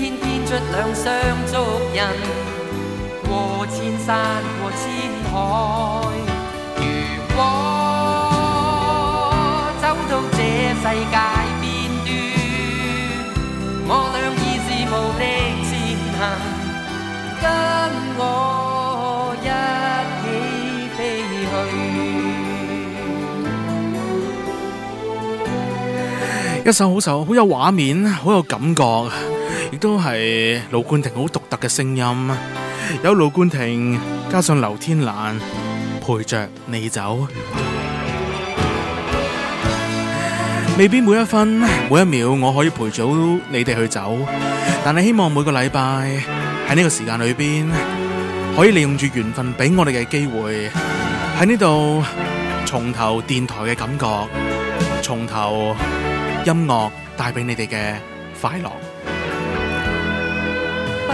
S6: 天天出兩雙足印，過千山過千海。如果走到這世界邊端，我倆已是無力前行，跟我一起飛去。
S3: 一首好首，好有畫面，好有感覺。亦都係盧冠廷好獨特嘅聲音，有盧冠廷加上劉天蘭陪着你走，未必每一分每一秒我可以陪到你哋去走，但係希望每個禮拜喺呢個時間裏邊，可以利用住緣分俾我哋嘅機會喺呢度從頭電台嘅感覺，從頭音樂帶俾你哋嘅快樂。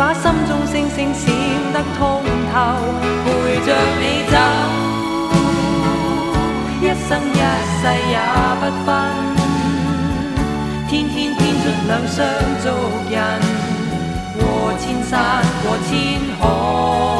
S6: 把心中星星閃得通透，陪着你走，一生一世也不分，天天編出兩雙足印，過千山過千海。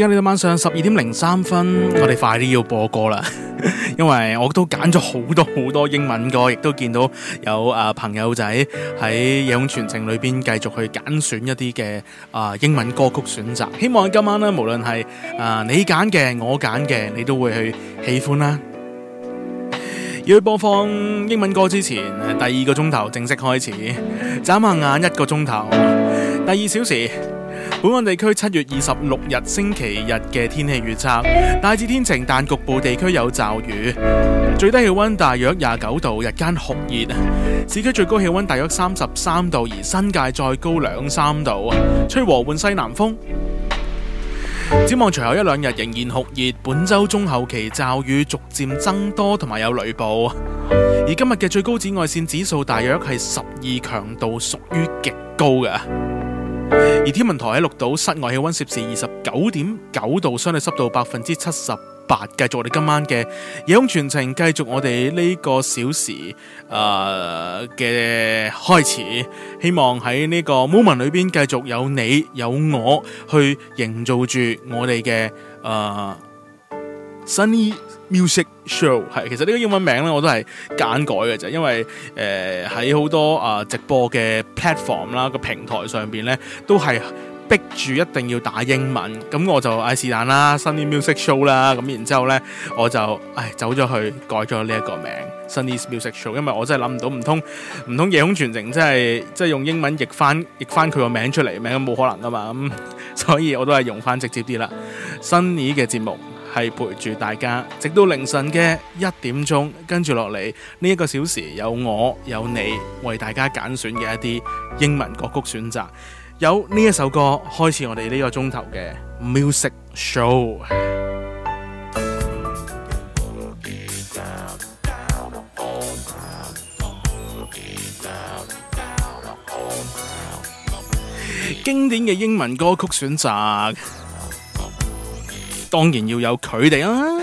S3: 而家你晚上十二點零三分，我哋快啲要播歌啦， (laughs) 因為我都揀咗好多好多英文歌，亦都見到有啊、呃、朋友仔喺《夜空傳情》裏邊繼續去揀選一啲嘅啊英文歌曲選擇。希望今晚呢，無論係啊你揀嘅，我揀嘅，你都會去喜歡啦。要去播放英文歌之前，第二個鐘頭正式開始，眨下眼一個鐘頭，第二小時。本港地區七月二十六日星期日嘅天氣預測：大致天晴，但局部地區有驟雨。最低氣溫大約廿九度，日間酷熱。市區最高氣溫大約三十三度，而新界再高兩三度。吹和緩西南風。展望隨後一兩日仍然酷熱，本周中後期驟雨逐漸增多，同埋有雷暴。而今日嘅最高紫外線指數大約係十二強度，屬於極高嘅。而天文台喺錄到室外氣溫攝氏二十九點九度，相對濕度百分之七十八。繼續我哋今晚嘅夜空全程，繼續我哋呢個小時誒嘅、呃、開始。希望喺呢個 moment 裏邊，繼續有你有我去營造住我哋嘅誒新意。Music Show 係，其實呢個英文名咧，我都係揀改嘅啫，因為誒喺好多啊、呃、直播嘅 platform 啦個平台上邊咧，都係逼住一定要打英文，咁我就唉是但啦，Sunny Music Show 啦，咁然之後咧，我就唉走咗去改咗呢一個名，Sunny Music Show，因為我真係諗唔到，唔通唔通夜空傳情真係即係用英文譯翻譯翻佢個名出嚟，名冇可能噶嘛，咁、嗯、所以我都係用翻直接啲啦，Sunny 嘅節目。係陪住大家，直到凌晨嘅一點鐘，跟住落嚟呢一個小時，有我有你為大家揀選嘅一啲英文歌曲選擇，有呢一首歌開始我哋呢個鐘頭嘅 Music Show，經典嘅英文歌曲選擇。當然要有佢哋啦。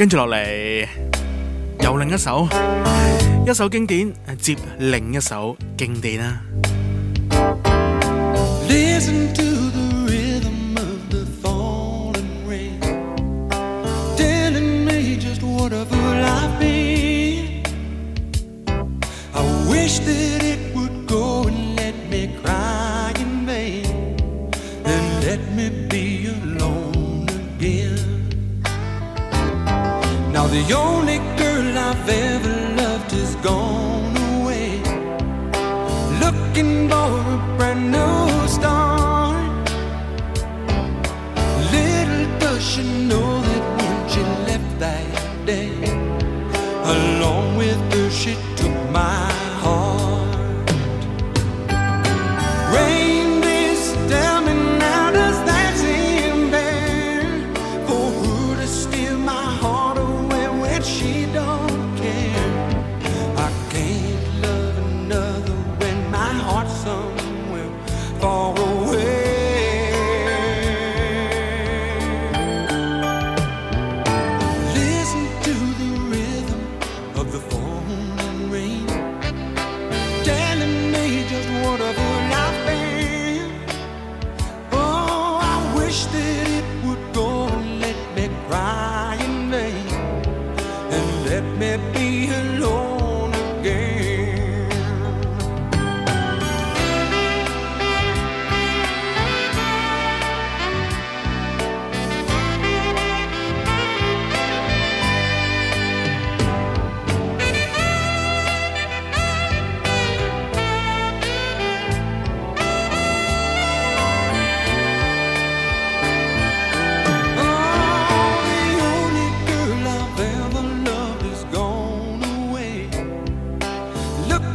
S3: 跟住落嚟，又另一首，一首經典接另一首經典啦、啊。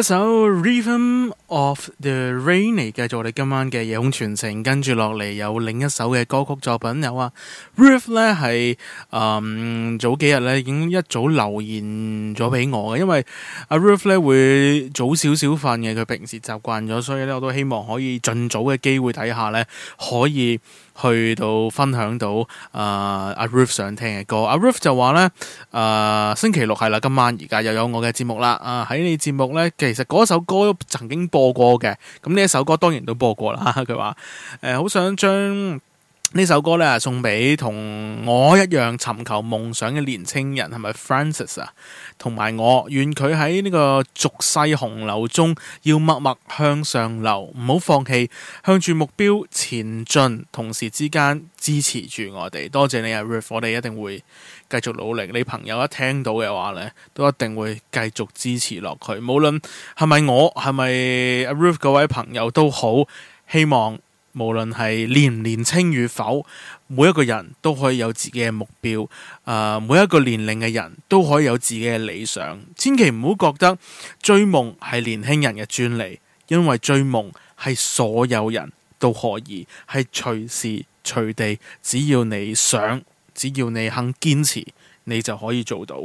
S3: 一首《Rhythm of the Rain》，繼續我哋今晚嘅夜空傳情，跟住落嚟有另一首嘅歌曲作品，有啊 Riff 咧係，誒、嗯、早幾日咧已經一早留言咗俾我嘅，因為阿 Riff 咧會早少少瞓嘅，佢平時習慣咗，所以咧我都希望可以盡早嘅機會底下咧可以。去到分享到啊、呃，阿 Ruth 想聽嘅歌，阿 Ruth 就話咧，誒、呃，星期六係啦，今晚而家又有我嘅節目啦，啊、呃，喺你節目咧，其實嗰首歌曾經播過嘅，咁呢一首歌當然都播過啦，佢話，誒、呃，好想將。呢首歌咧送俾同我一樣尋求夢想嘅年青人，係咪 Francis 啊？同埋我，願佢喺呢個俗世洪流中，要默默向上流，唔好放棄，向住目標前進，同時之間支持住我哋。多謝你啊，Ruth，我哋一定會繼續努力。你朋友一聽到嘅話咧，都一定會繼續支持落去。無論係咪我，係咪 Ruth 嗰位朋友都好，希望。無論係年唔年青與否，每一個人都可以有自己嘅目標。誒、呃，每一個年齡嘅人都可以有自己嘅理想。千祈唔好覺得追夢係年輕人嘅專利，因為追夢係所有人都可以，係隨時隨地，只要你想，只要你肯堅持，你就可以做到。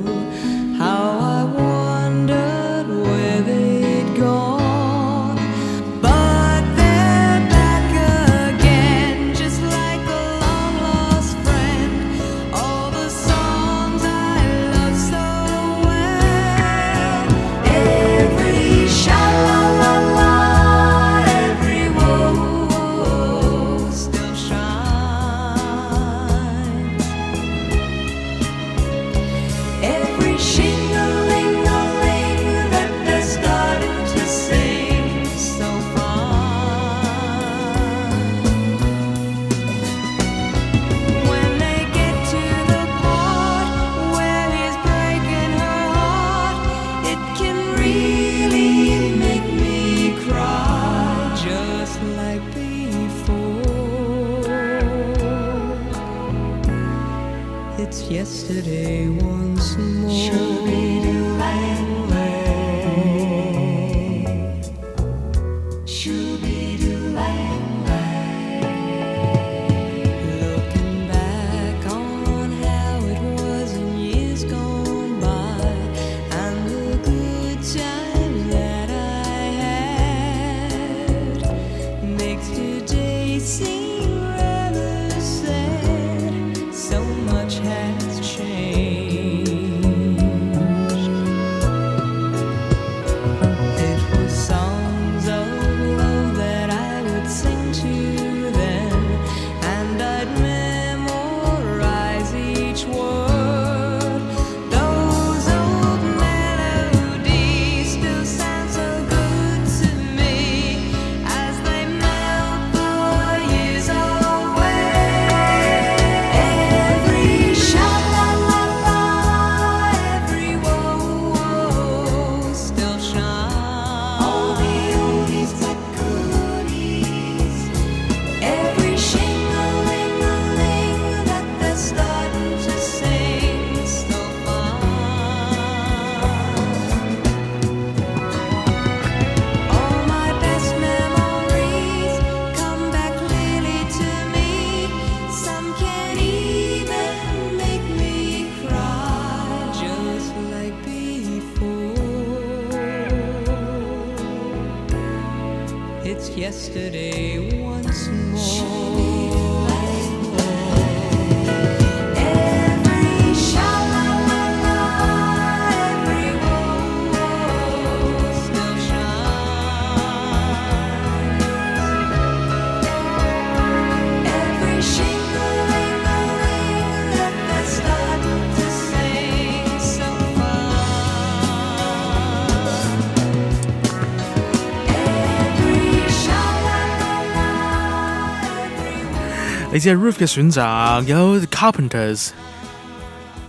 S3: 只係 roof 嘅選擇，有 Carpenters。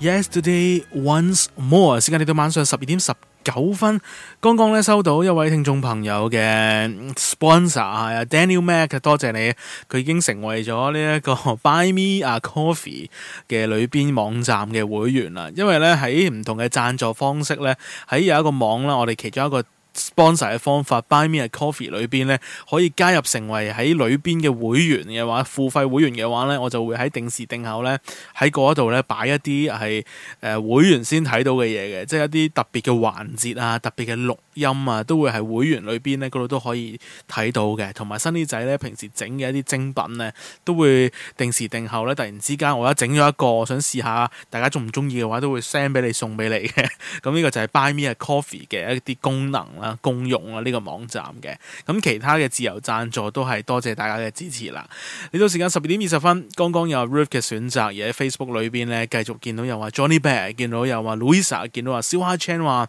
S3: Yesterday once more。時間嚟到晚上十二點十九分，剛剛咧收到一位聽眾朋友嘅 sponsor 係啊，Daniel Mac，多謝你，佢已經成為咗呢一個 Buy Me A Coffee 嘅裏邊網站嘅會員啦。因為咧喺唔同嘅贊助方式咧，喺有一個網啦，我哋其中一個。sponsor 嘅方法，Buy Me a Coffee 裏邊咧可以加入成為喺裏邊嘅會員嘅話，付費會員嘅話咧，我就會喺定時定候咧喺嗰度咧擺一啲係誒會員先睇到嘅嘢嘅，即係一啲特別嘅環節啊、特別嘅錄音啊，都會喺會員裏邊咧嗰度都可以睇到嘅。同埋 Sunny 仔咧平時整嘅一啲精品咧，都會定時定候咧突然之間我一整咗一個想試下大家中唔中意嘅話，都會 send 俾你送俾你嘅。咁 (laughs) 呢個就係 Buy Me a Coffee 嘅一啲功能。啊，共用啊呢、這個網站嘅咁，其他嘅自由贊助都係多謝大家嘅支持啦。嚟到時間十二點二十分，剛剛有 roof 嘅選擇，而喺 Facebook 裏邊咧，繼續見到又話 Johnny Bear，見到又話 Louisa，見到話小黑 Chan 話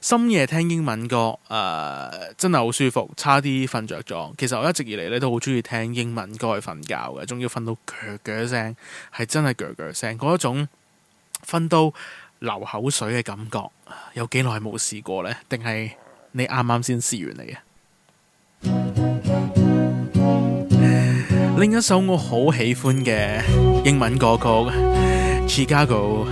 S3: 深夜聽英文歌，誒、呃、真係好舒服，差啲瞓着咗。其實我一直以嚟咧都好中意聽英文歌去瞓覺嘅，仲要瞓到嘜嘜聲，係真係嘜嘜聲，嗰一種瞓到流口水嘅感覺，有幾耐冇試過呢？定係？你啱啱先試完嚟嘅， (music) 另一首我好喜歡嘅英文歌曲《Chicago》。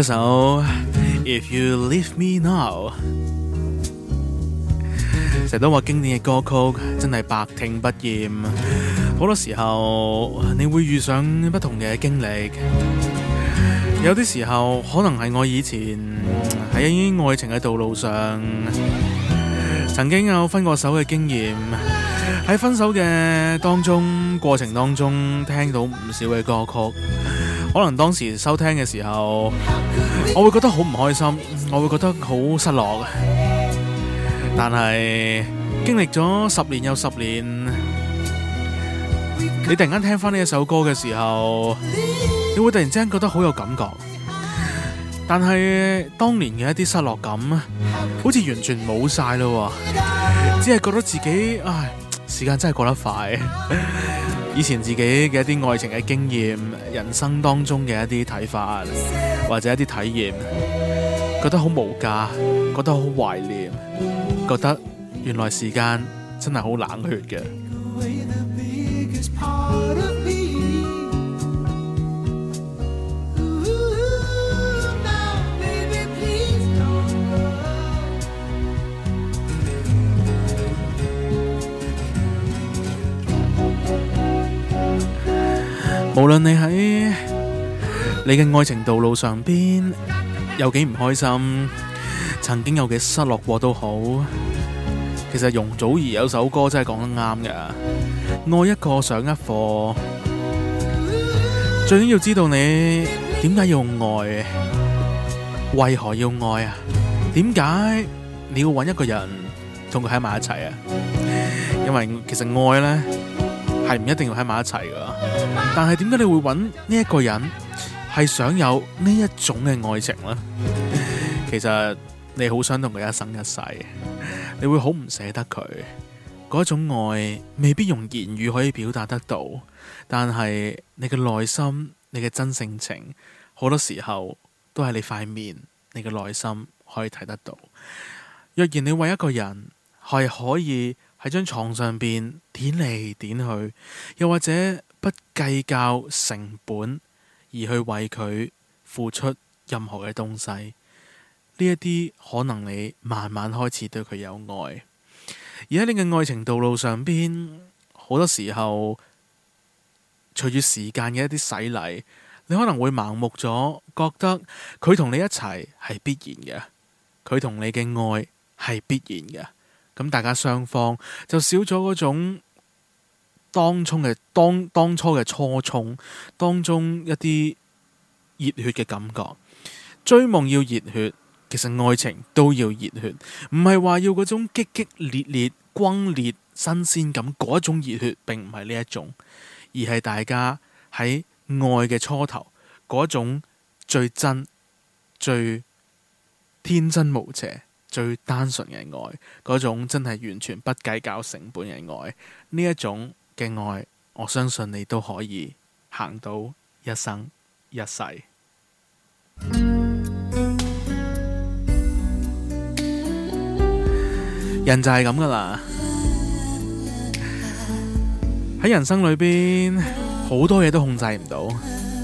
S3: 一首 so，《If You Leave Me Now》，成日都話經典嘅歌曲真係百聽不厭。好多時候你會遇上不同嘅經歷，有啲時候可能係我以前喺一啲愛情嘅道路上曾經有分過手嘅經驗。喺分手嘅當中過程當中，聽到唔少嘅歌曲。可能當時收聽嘅時候，我會覺得好唔開心，我會覺得好失落嘅。但係經歷咗十年又十年，你突然間聽翻呢一首歌嘅時候，你會突然之間覺得好有感覺。但係當年嘅一啲失落感，好似完全冇晒咯，只係覺得自己唉，時間真係過得快。以前自己嘅一啲愛情嘅經驗，人生當中嘅一啲睇法，或者一啲體驗，覺得好無價，覺得好懷念，覺得原來時間真係好冷血嘅。無論你喺你嘅愛情道路上邊有幾唔開心，曾經有幾失落過都好，其實容祖兒有首歌真係講得啱㗎，愛一個上一課，最緊要知道你點解要愛，為何要愛啊？點解你要搵一個人同佢喺埋一齊啊？因為其實愛咧。係唔一定要喺埋一齊噶，但係點解你會揾呢一個人？係想有呢一種嘅愛情呢？ (laughs) 其實你好想同佢一生一世，你會好唔捨得佢。嗰種愛未必用言語可以表達得到，但係你嘅內心、你嘅真性情，好多時候都係你塊面、你嘅內心可以睇得到。若然你為一個人係可以，喺張床上邊點嚟點去，又或者不計較成本而去為佢付出任何嘅東西，呢一啲可能你慢慢開始對佢有愛，而喺你嘅愛情道路上邊，好多時候隨住時間嘅一啲洗禮，你可能會盲目咗，覺得佢同你一齊係必然嘅，佢同你嘅愛係必然嘅。咁大家雙方就少咗嗰種當初嘅當當初嘅初衷當中一啲熱血嘅感覺，追夢要熱血，其實愛情都要熱血，唔係話要嗰種激激烈烈，烈、轟烈、新鮮感嗰種熱血，並唔係呢一種，而係大家喺愛嘅初頭嗰種最真、最天真無邪。最單純嘅愛，嗰種真係完全不計較成本嘅愛，呢一種嘅愛，我相信你都可以行到一生一世。人就係咁噶啦，喺人生裏邊好多嘢都控制唔到，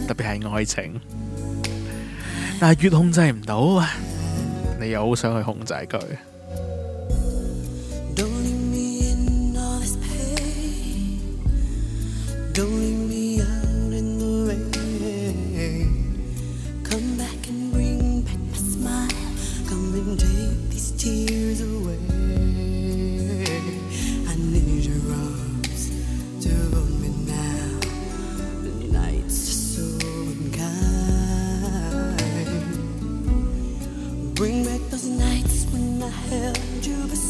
S3: 特別係愛情，但係越控制唔到。你又好想去控制佢。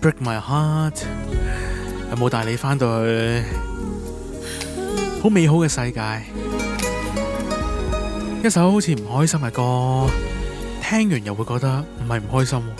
S3: Break my heart，有冇帶你返到去好美好嘅世界？一首好似唔開心嘅歌，聽完又會覺得唔係唔開心。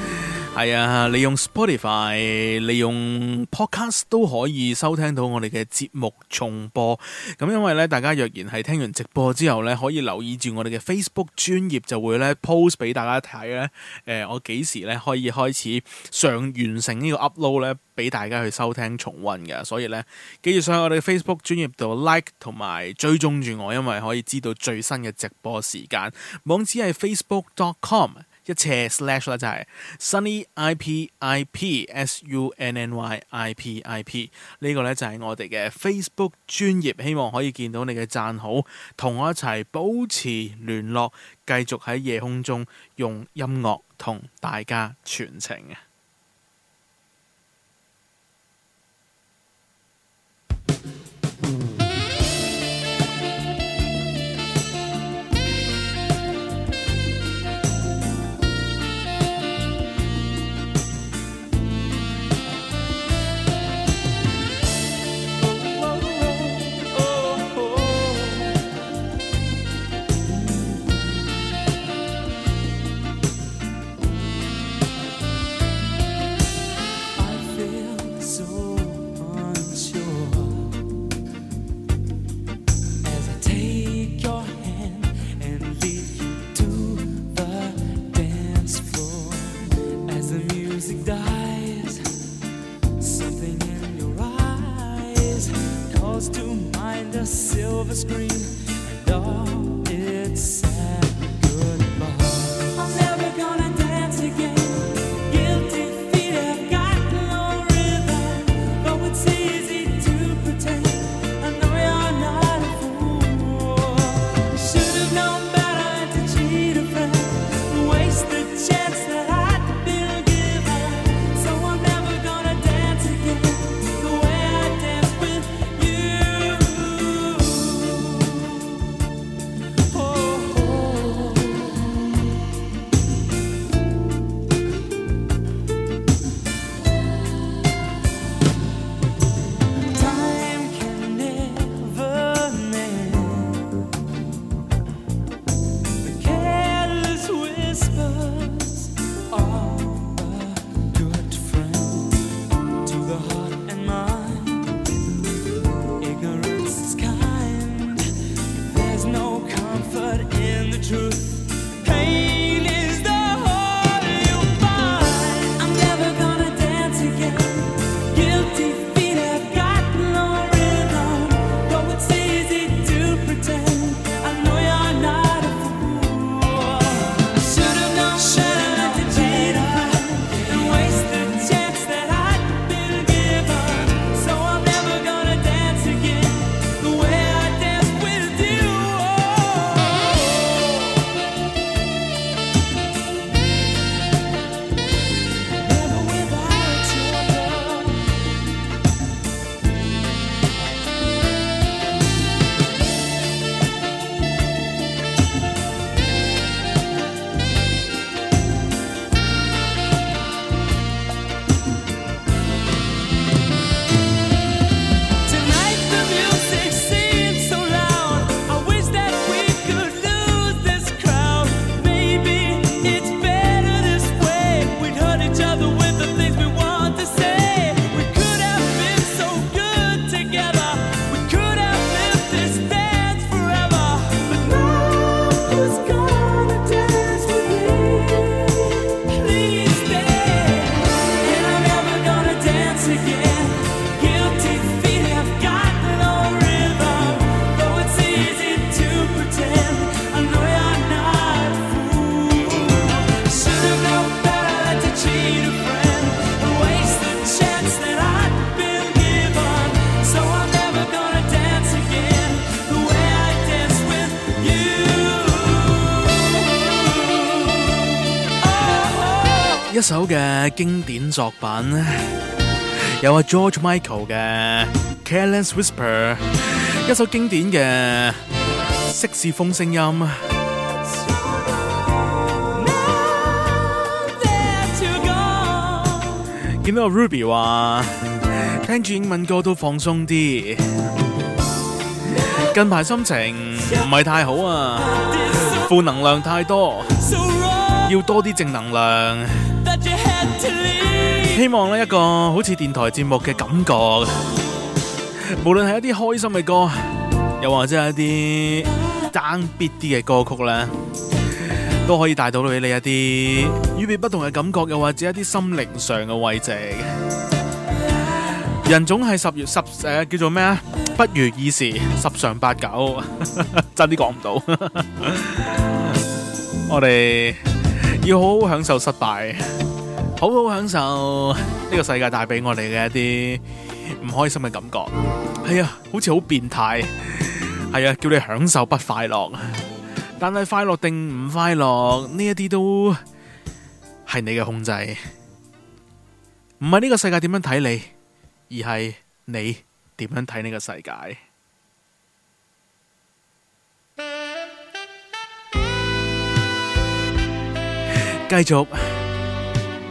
S3: 係啊，利用 Spotify、利用 Podcast 都可以收聽到我哋嘅節目重播。咁、嗯、因為咧，大家若然係聽完直播之後咧，可以留意住我哋嘅 Facebook 專頁就會咧 post 俾大家睇咧。誒、呃，我幾時咧可以開始上完成呢個 upload 咧，俾大家去收聽重溫嘅。所以咧，記住上我哋嘅 Facebook 專頁度 like 同埋追蹤住我，因為可以知道最新嘅直播時間。網址係 facebook.com。一切 slash 啦，U N N y I P I、P, 就係 Sunny I P I P S U N N Y I P I P 呢個咧就係我哋嘅 Facebook 專頁，希望可以見到你嘅讚好，同我一齊保持聯絡，繼續喺夜空中用音樂同大家傳情啊！一首嘅經典作品，有阿、啊、George Michael 嘅《Careless Whisper》，一首經典嘅色士風聲音。見到阿 Ruby 話，聽住英文歌都放鬆啲。近排心情唔係太好啊，負能量太多，要多啲正能量。希望咧一個好似電台節目嘅感覺， (laughs) 無論係一啲開心嘅歌，又或者係一啲特別啲嘅歌曲咧，都可以帶到俾你一啲與別不同嘅感覺，又或者一啲心靈上嘅慰藉。人總係十月十誒、啊，叫做咩啊？不如意事十常八九，真啲講唔到。 (laughs) 我哋要好好享受失敗。好好享受呢個世界帶俾我哋嘅一啲唔開心嘅感覺。係呀，好似好變態。係呀，叫你享受不快樂。但係快樂定唔快樂呢一啲都係你嘅控制。唔係呢個世界點樣睇你，而係你點樣睇呢個世界。繼續。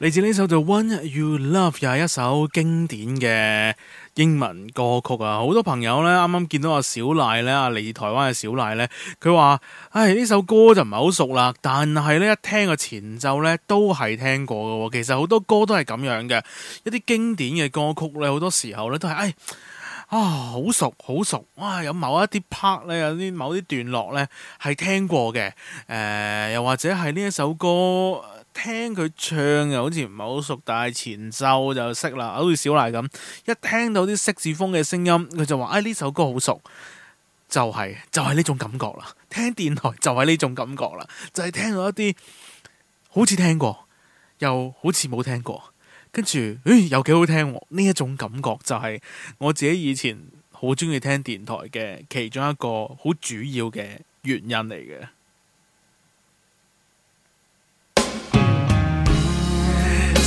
S3: 嚟自呢首就《One You Love》又係一首經典嘅英文歌曲啊！好多朋友咧，啱啱見到阿小賴咧，阿嚟自台灣嘅小賴咧，佢話：唉、哎，呢首歌就唔係好熟啦，但係咧一聽個前奏咧，都係聽過嘅、哦。其實好多歌都係咁樣嘅，一啲經典嘅歌曲咧，好多時候咧都係，唉、哎，啊，好熟好熟，哇、啊！有某一啲 part 咧，有啲某啲段落咧係聽過嘅。誒、呃，又或者係呢一首歌。聽佢唱又好似唔係好熟，但係前奏就識啦，好似小賴咁，一聽到啲色士風嘅聲音，佢就話，哎，呢首歌好熟，就係就係呢種感覺啦。聽電台就係呢種感覺啦，就係聽到一啲好似聽過，又好似冇聽過，跟住，誒、哎，又幾好聽、啊。呢一種感覺就係我自己以前好中意聽電台嘅其中一個好主要嘅原因嚟嘅。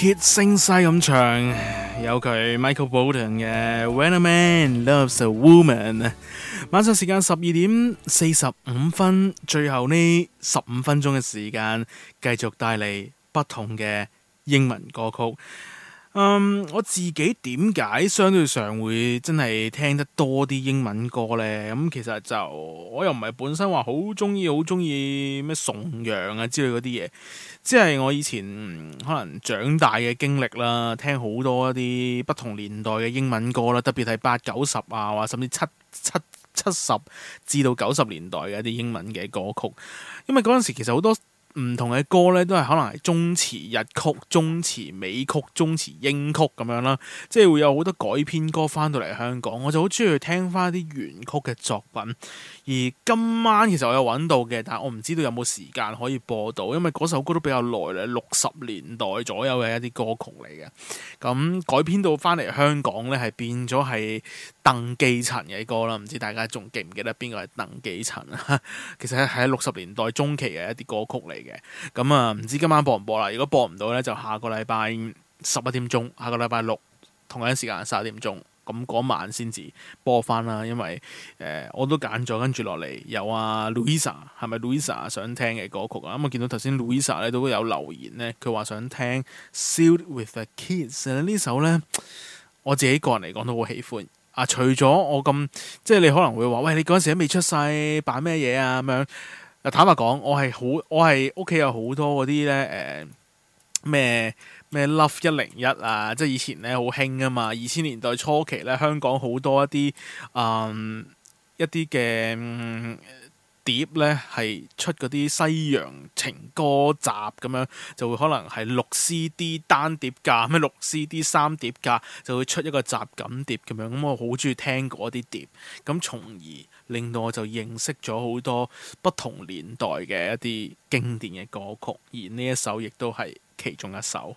S3: hit 聲勢咁唱，有佢 Michael Bolton 嘅 When a Man Loves a Woman。晚上時間十二點四十五分，最後呢十五分鐘嘅時間，繼續帶嚟不同嘅英文歌曲。嗯，um, 我自己點解相對上會真係聽得多啲英文歌呢？咁其實就我又唔係本身話好中意、好中意咩崇洋啊之類嗰啲嘢，即係我以前可能長大嘅經歷啦，聽好多一啲不同年代嘅英文歌啦，特別係八九十啊，或甚至七七七十至到九十年代嘅一啲英文嘅歌曲，因為嗰陣時其實好多。唔同嘅歌咧，都係可能係中詞日曲、中詞美曲、中詞英曲咁樣啦，即係會有好多改編歌翻到嚟香港，我就好中意去聽翻啲原曲嘅作品。而今晚其實我有揾到嘅，但係我唔知道有冇時間可以播到，因為嗰首歌都比較耐啦，六十年代左右嘅一啲歌曲嚟嘅。咁、嗯、改編到翻嚟香港咧，係變咗係鄧寄塵嘅歌啦。唔知大家仲記唔記得邊個係鄧寄塵啊？ (laughs) 其實係喺六十年代中期嘅一啲歌曲嚟嘅。咁、嗯、啊，唔知今晚播唔播啦？如果播唔到咧，就下個禮拜十一點鐘，下個禮拜六同樣時間十一點鐘。咁嗰、嗯、晚先至播翻啦，因為誒、呃，我都揀咗跟住落嚟有阿、啊、Louisa，係咪 Louisa 想聽嘅歌曲啊？咁、嗯、我見到頭先 Louisa 咧都有留言咧，佢話想聽 Sealed with a Kiss，、啊、呢首咧我自己個人嚟講都好喜歡。阿、啊、除咗我咁，即係你可能會話，喂，你嗰陣時都未出世，扮咩嘢啊？咁樣、啊，坦白講，我係好，我係屋企有好多嗰啲咧，誒、呃、咩？咩 Love 一零一啊，即係以前咧好興噶嘛。二千年代初期咧，香港好多一啲嗯一啲嘅、嗯、碟咧，係出嗰啲西洋情歌集咁樣，就會可能係六 C D 單碟價咩六 C D 三碟價就會出一個集錦碟咁樣。咁我好中意聽嗰啲碟，咁從而令到我就認識咗好多不同年代嘅一啲經典嘅歌曲，而呢一首亦都係其中一首。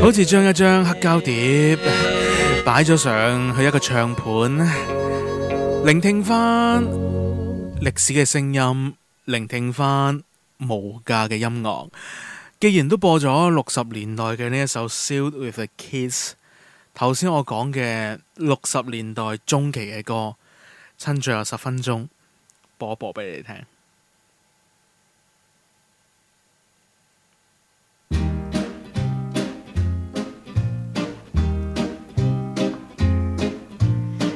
S3: 好似將一張黑膠碟擺咗上去一個唱盤，聆聽翻歷史嘅聲音，聆聽翻無價嘅音樂。既然都播咗六十年代嘅呢一首《Sealed With a Kiss》，頭先我講嘅六十年代中期嘅歌，趁最後十分鐘播一播俾你聽。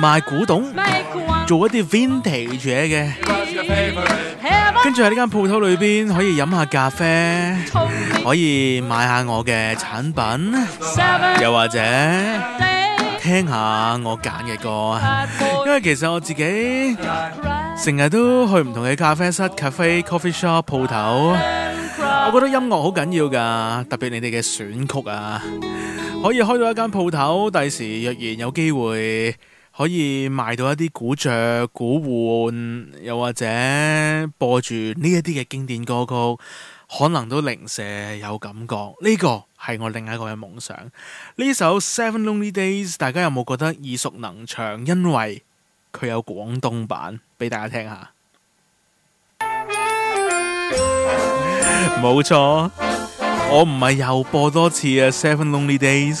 S6: 賣古董，做
S3: 一啲 vintage 嘢嘅，
S6: 跟住
S3: 喺呢間鋪頭裏邊可以飲下咖啡，可以買下我嘅產品，又或者聽下我揀嘅歌，因為其實我自己成日都去唔同嘅咖啡室、cafe、coffee shop 鋪頭，我覺得音樂好緊要噶，特別你哋嘅選曲啊，可以開到一間鋪頭，第時若然有機會。可以賣到一啲古著、古玩，又或者播住呢一啲嘅經典歌曲，可能都零舍有感覺。呢個係我另一個嘅夢想。呢首《Seven Lonely Days》，大家有冇覺得耳熟能詳？因為佢有廣東版，俾大家聽下。冇 (music) (music) 錯，我唔係又播多次啊，《Seven Lonely Days》。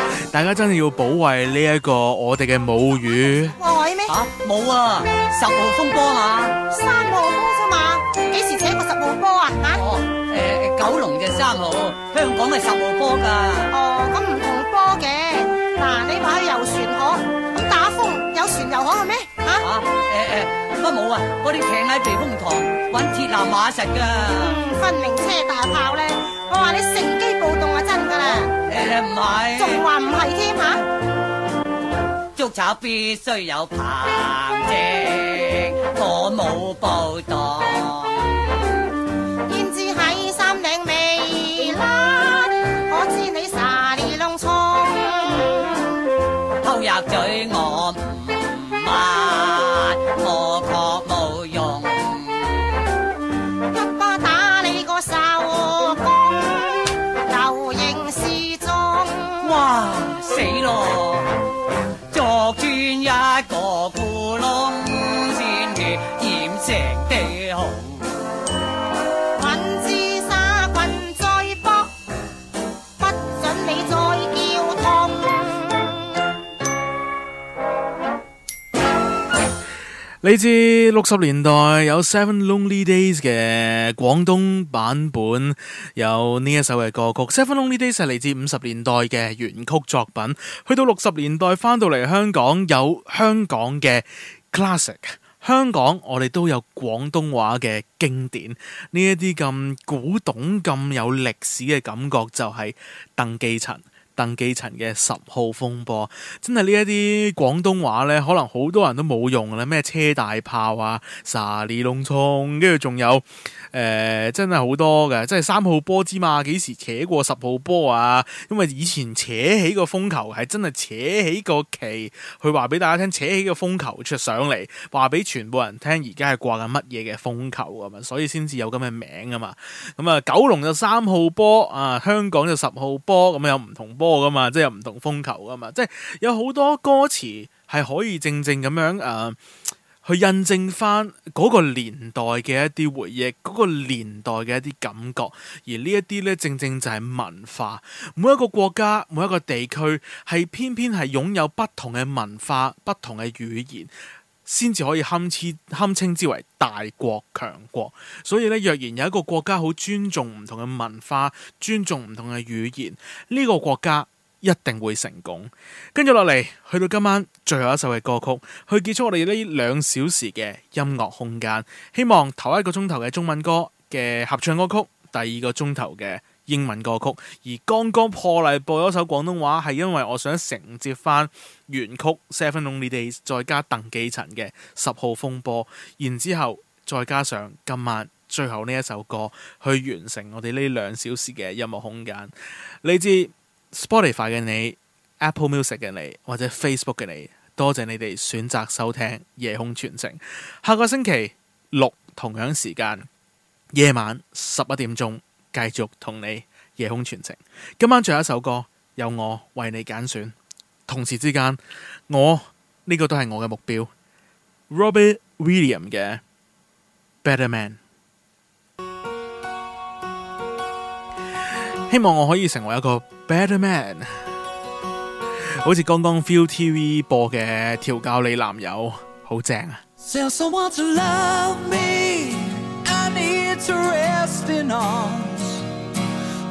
S3: 大家真係要保衛呢一個我哋嘅母語。
S5: 話咩、啊？吓，冇啊！十號風波嘛、啊，三號波啫嘛，幾時扯個十號波啊？吓，哦，誒、呃、九龍就三號，香港係十號波噶。哦，
S2: 咁
S5: 唔同波嘅。嗱、啊，你話去遊船河打風，有船遊河嘅咩？吓、啊，誒誒、啊，乜、呃、冇、呃、啊，啊？我哋艇喺避風塘搵鐵欄馬食噶、嗯。分明車大炮咧，我話你乘機暴動係真噶啦。誒，唔係，仲話唔係添吓？捉賊必須有憑證，我冇報道。
S3: 嚟自六十年代有 Seven Lonely Days 嘅廣東版本，有呢一首嘅歌曲。Seven Lonely Days 係嚟自五十年代嘅原曲作品，去到六十年代翻到嚟香港，有香港嘅 classic。香港我哋都有廣東話嘅經典，呢一啲咁古董、咁有歷史嘅感覺就，就係鄧寄塵。登基層嘅十號風波，真係呢一啲廣東話咧，可能好多人都冇用啦。咩車大炮啊，沙哩弄銃，跟住仲有誒、呃，真係好多嘅。即係三號波之嘛，幾時扯過十號波啊？因為以前扯起個風球係真係扯起個旗，去話俾大家聽，扯起個風球出上嚟，話俾全部人聽，而家係掛緊乜嘢嘅風球啊嘛，所以先至有咁嘅名啊嘛。咁、嗯、啊，九龍就三號波啊，香港就十號波，咁、嗯、啊有唔同波。噶嘛，即係有唔同風球噶嘛，即係有好多歌詞係可以正正咁樣誒，去印證翻嗰個年代嘅一啲回憶，嗰、那個年代嘅一啲感覺，而呢一啲呢正正就係文化，每一個國家每一個地區係偏偏係擁有不同嘅文化，不同嘅語言。先至可以堪稱堪稱之為大國強國，所以咧，若然有一個國家好尊重唔同嘅文化，尊重唔同嘅語言，呢個國家一定會成功。跟住落嚟，去到今晚最後一首嘅歌曲，去結束我哋呢兩小時嘅音樂空間。希望頭一個鐘頭嘅中文歌嘅合唱歌曲，第二個鐘頭嘅。英文歌曲，而剛剛破例播咗首廣東話，係因為我想承接翻原曲《Seven Lonely Days》，再加鄧寄塵嘅《十號風波》，然之後再加上今晚最後呢一首歌，去完成我哋呢兩小時嘅音樂空間，你知 Spotify 嘅你、Apple Music 嘅你或者 Facebook 嘅你，多謝你哋選擇收聽《夜空傳情》。下個星期六同樣時間夜晚十一點鐘。繼續同你夜空全程。今晚最後一首歌由我為你揀選，同時之間我呢、呢個都係我嘅目標。Robert Williams 嘅 Better Man，希望我可以成為一個 Better Man，好似剛剛 ViuTV 播嘅調教你男友好
S4: 正啊！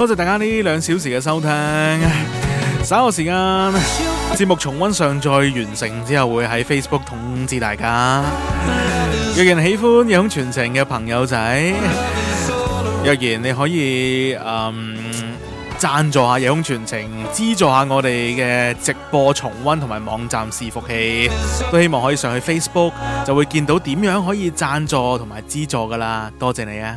S3: 多謝大家呢兩小時嘅收聽，稍後時間節目重溫上載完成之後，會喺 Facebook 通知大家。若然喜歡夜空傳情嘅朋友仔，若然你可以誒嗯、贊助下夜空傳情，資助下我哋嘅直播重溫同埋網站伺服器，都希望可以上去 Facebook，就會見到點樣可以贊助同埋資助噶啦。多謝你
S2: 啊！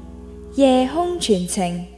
S1: 夜空傳情。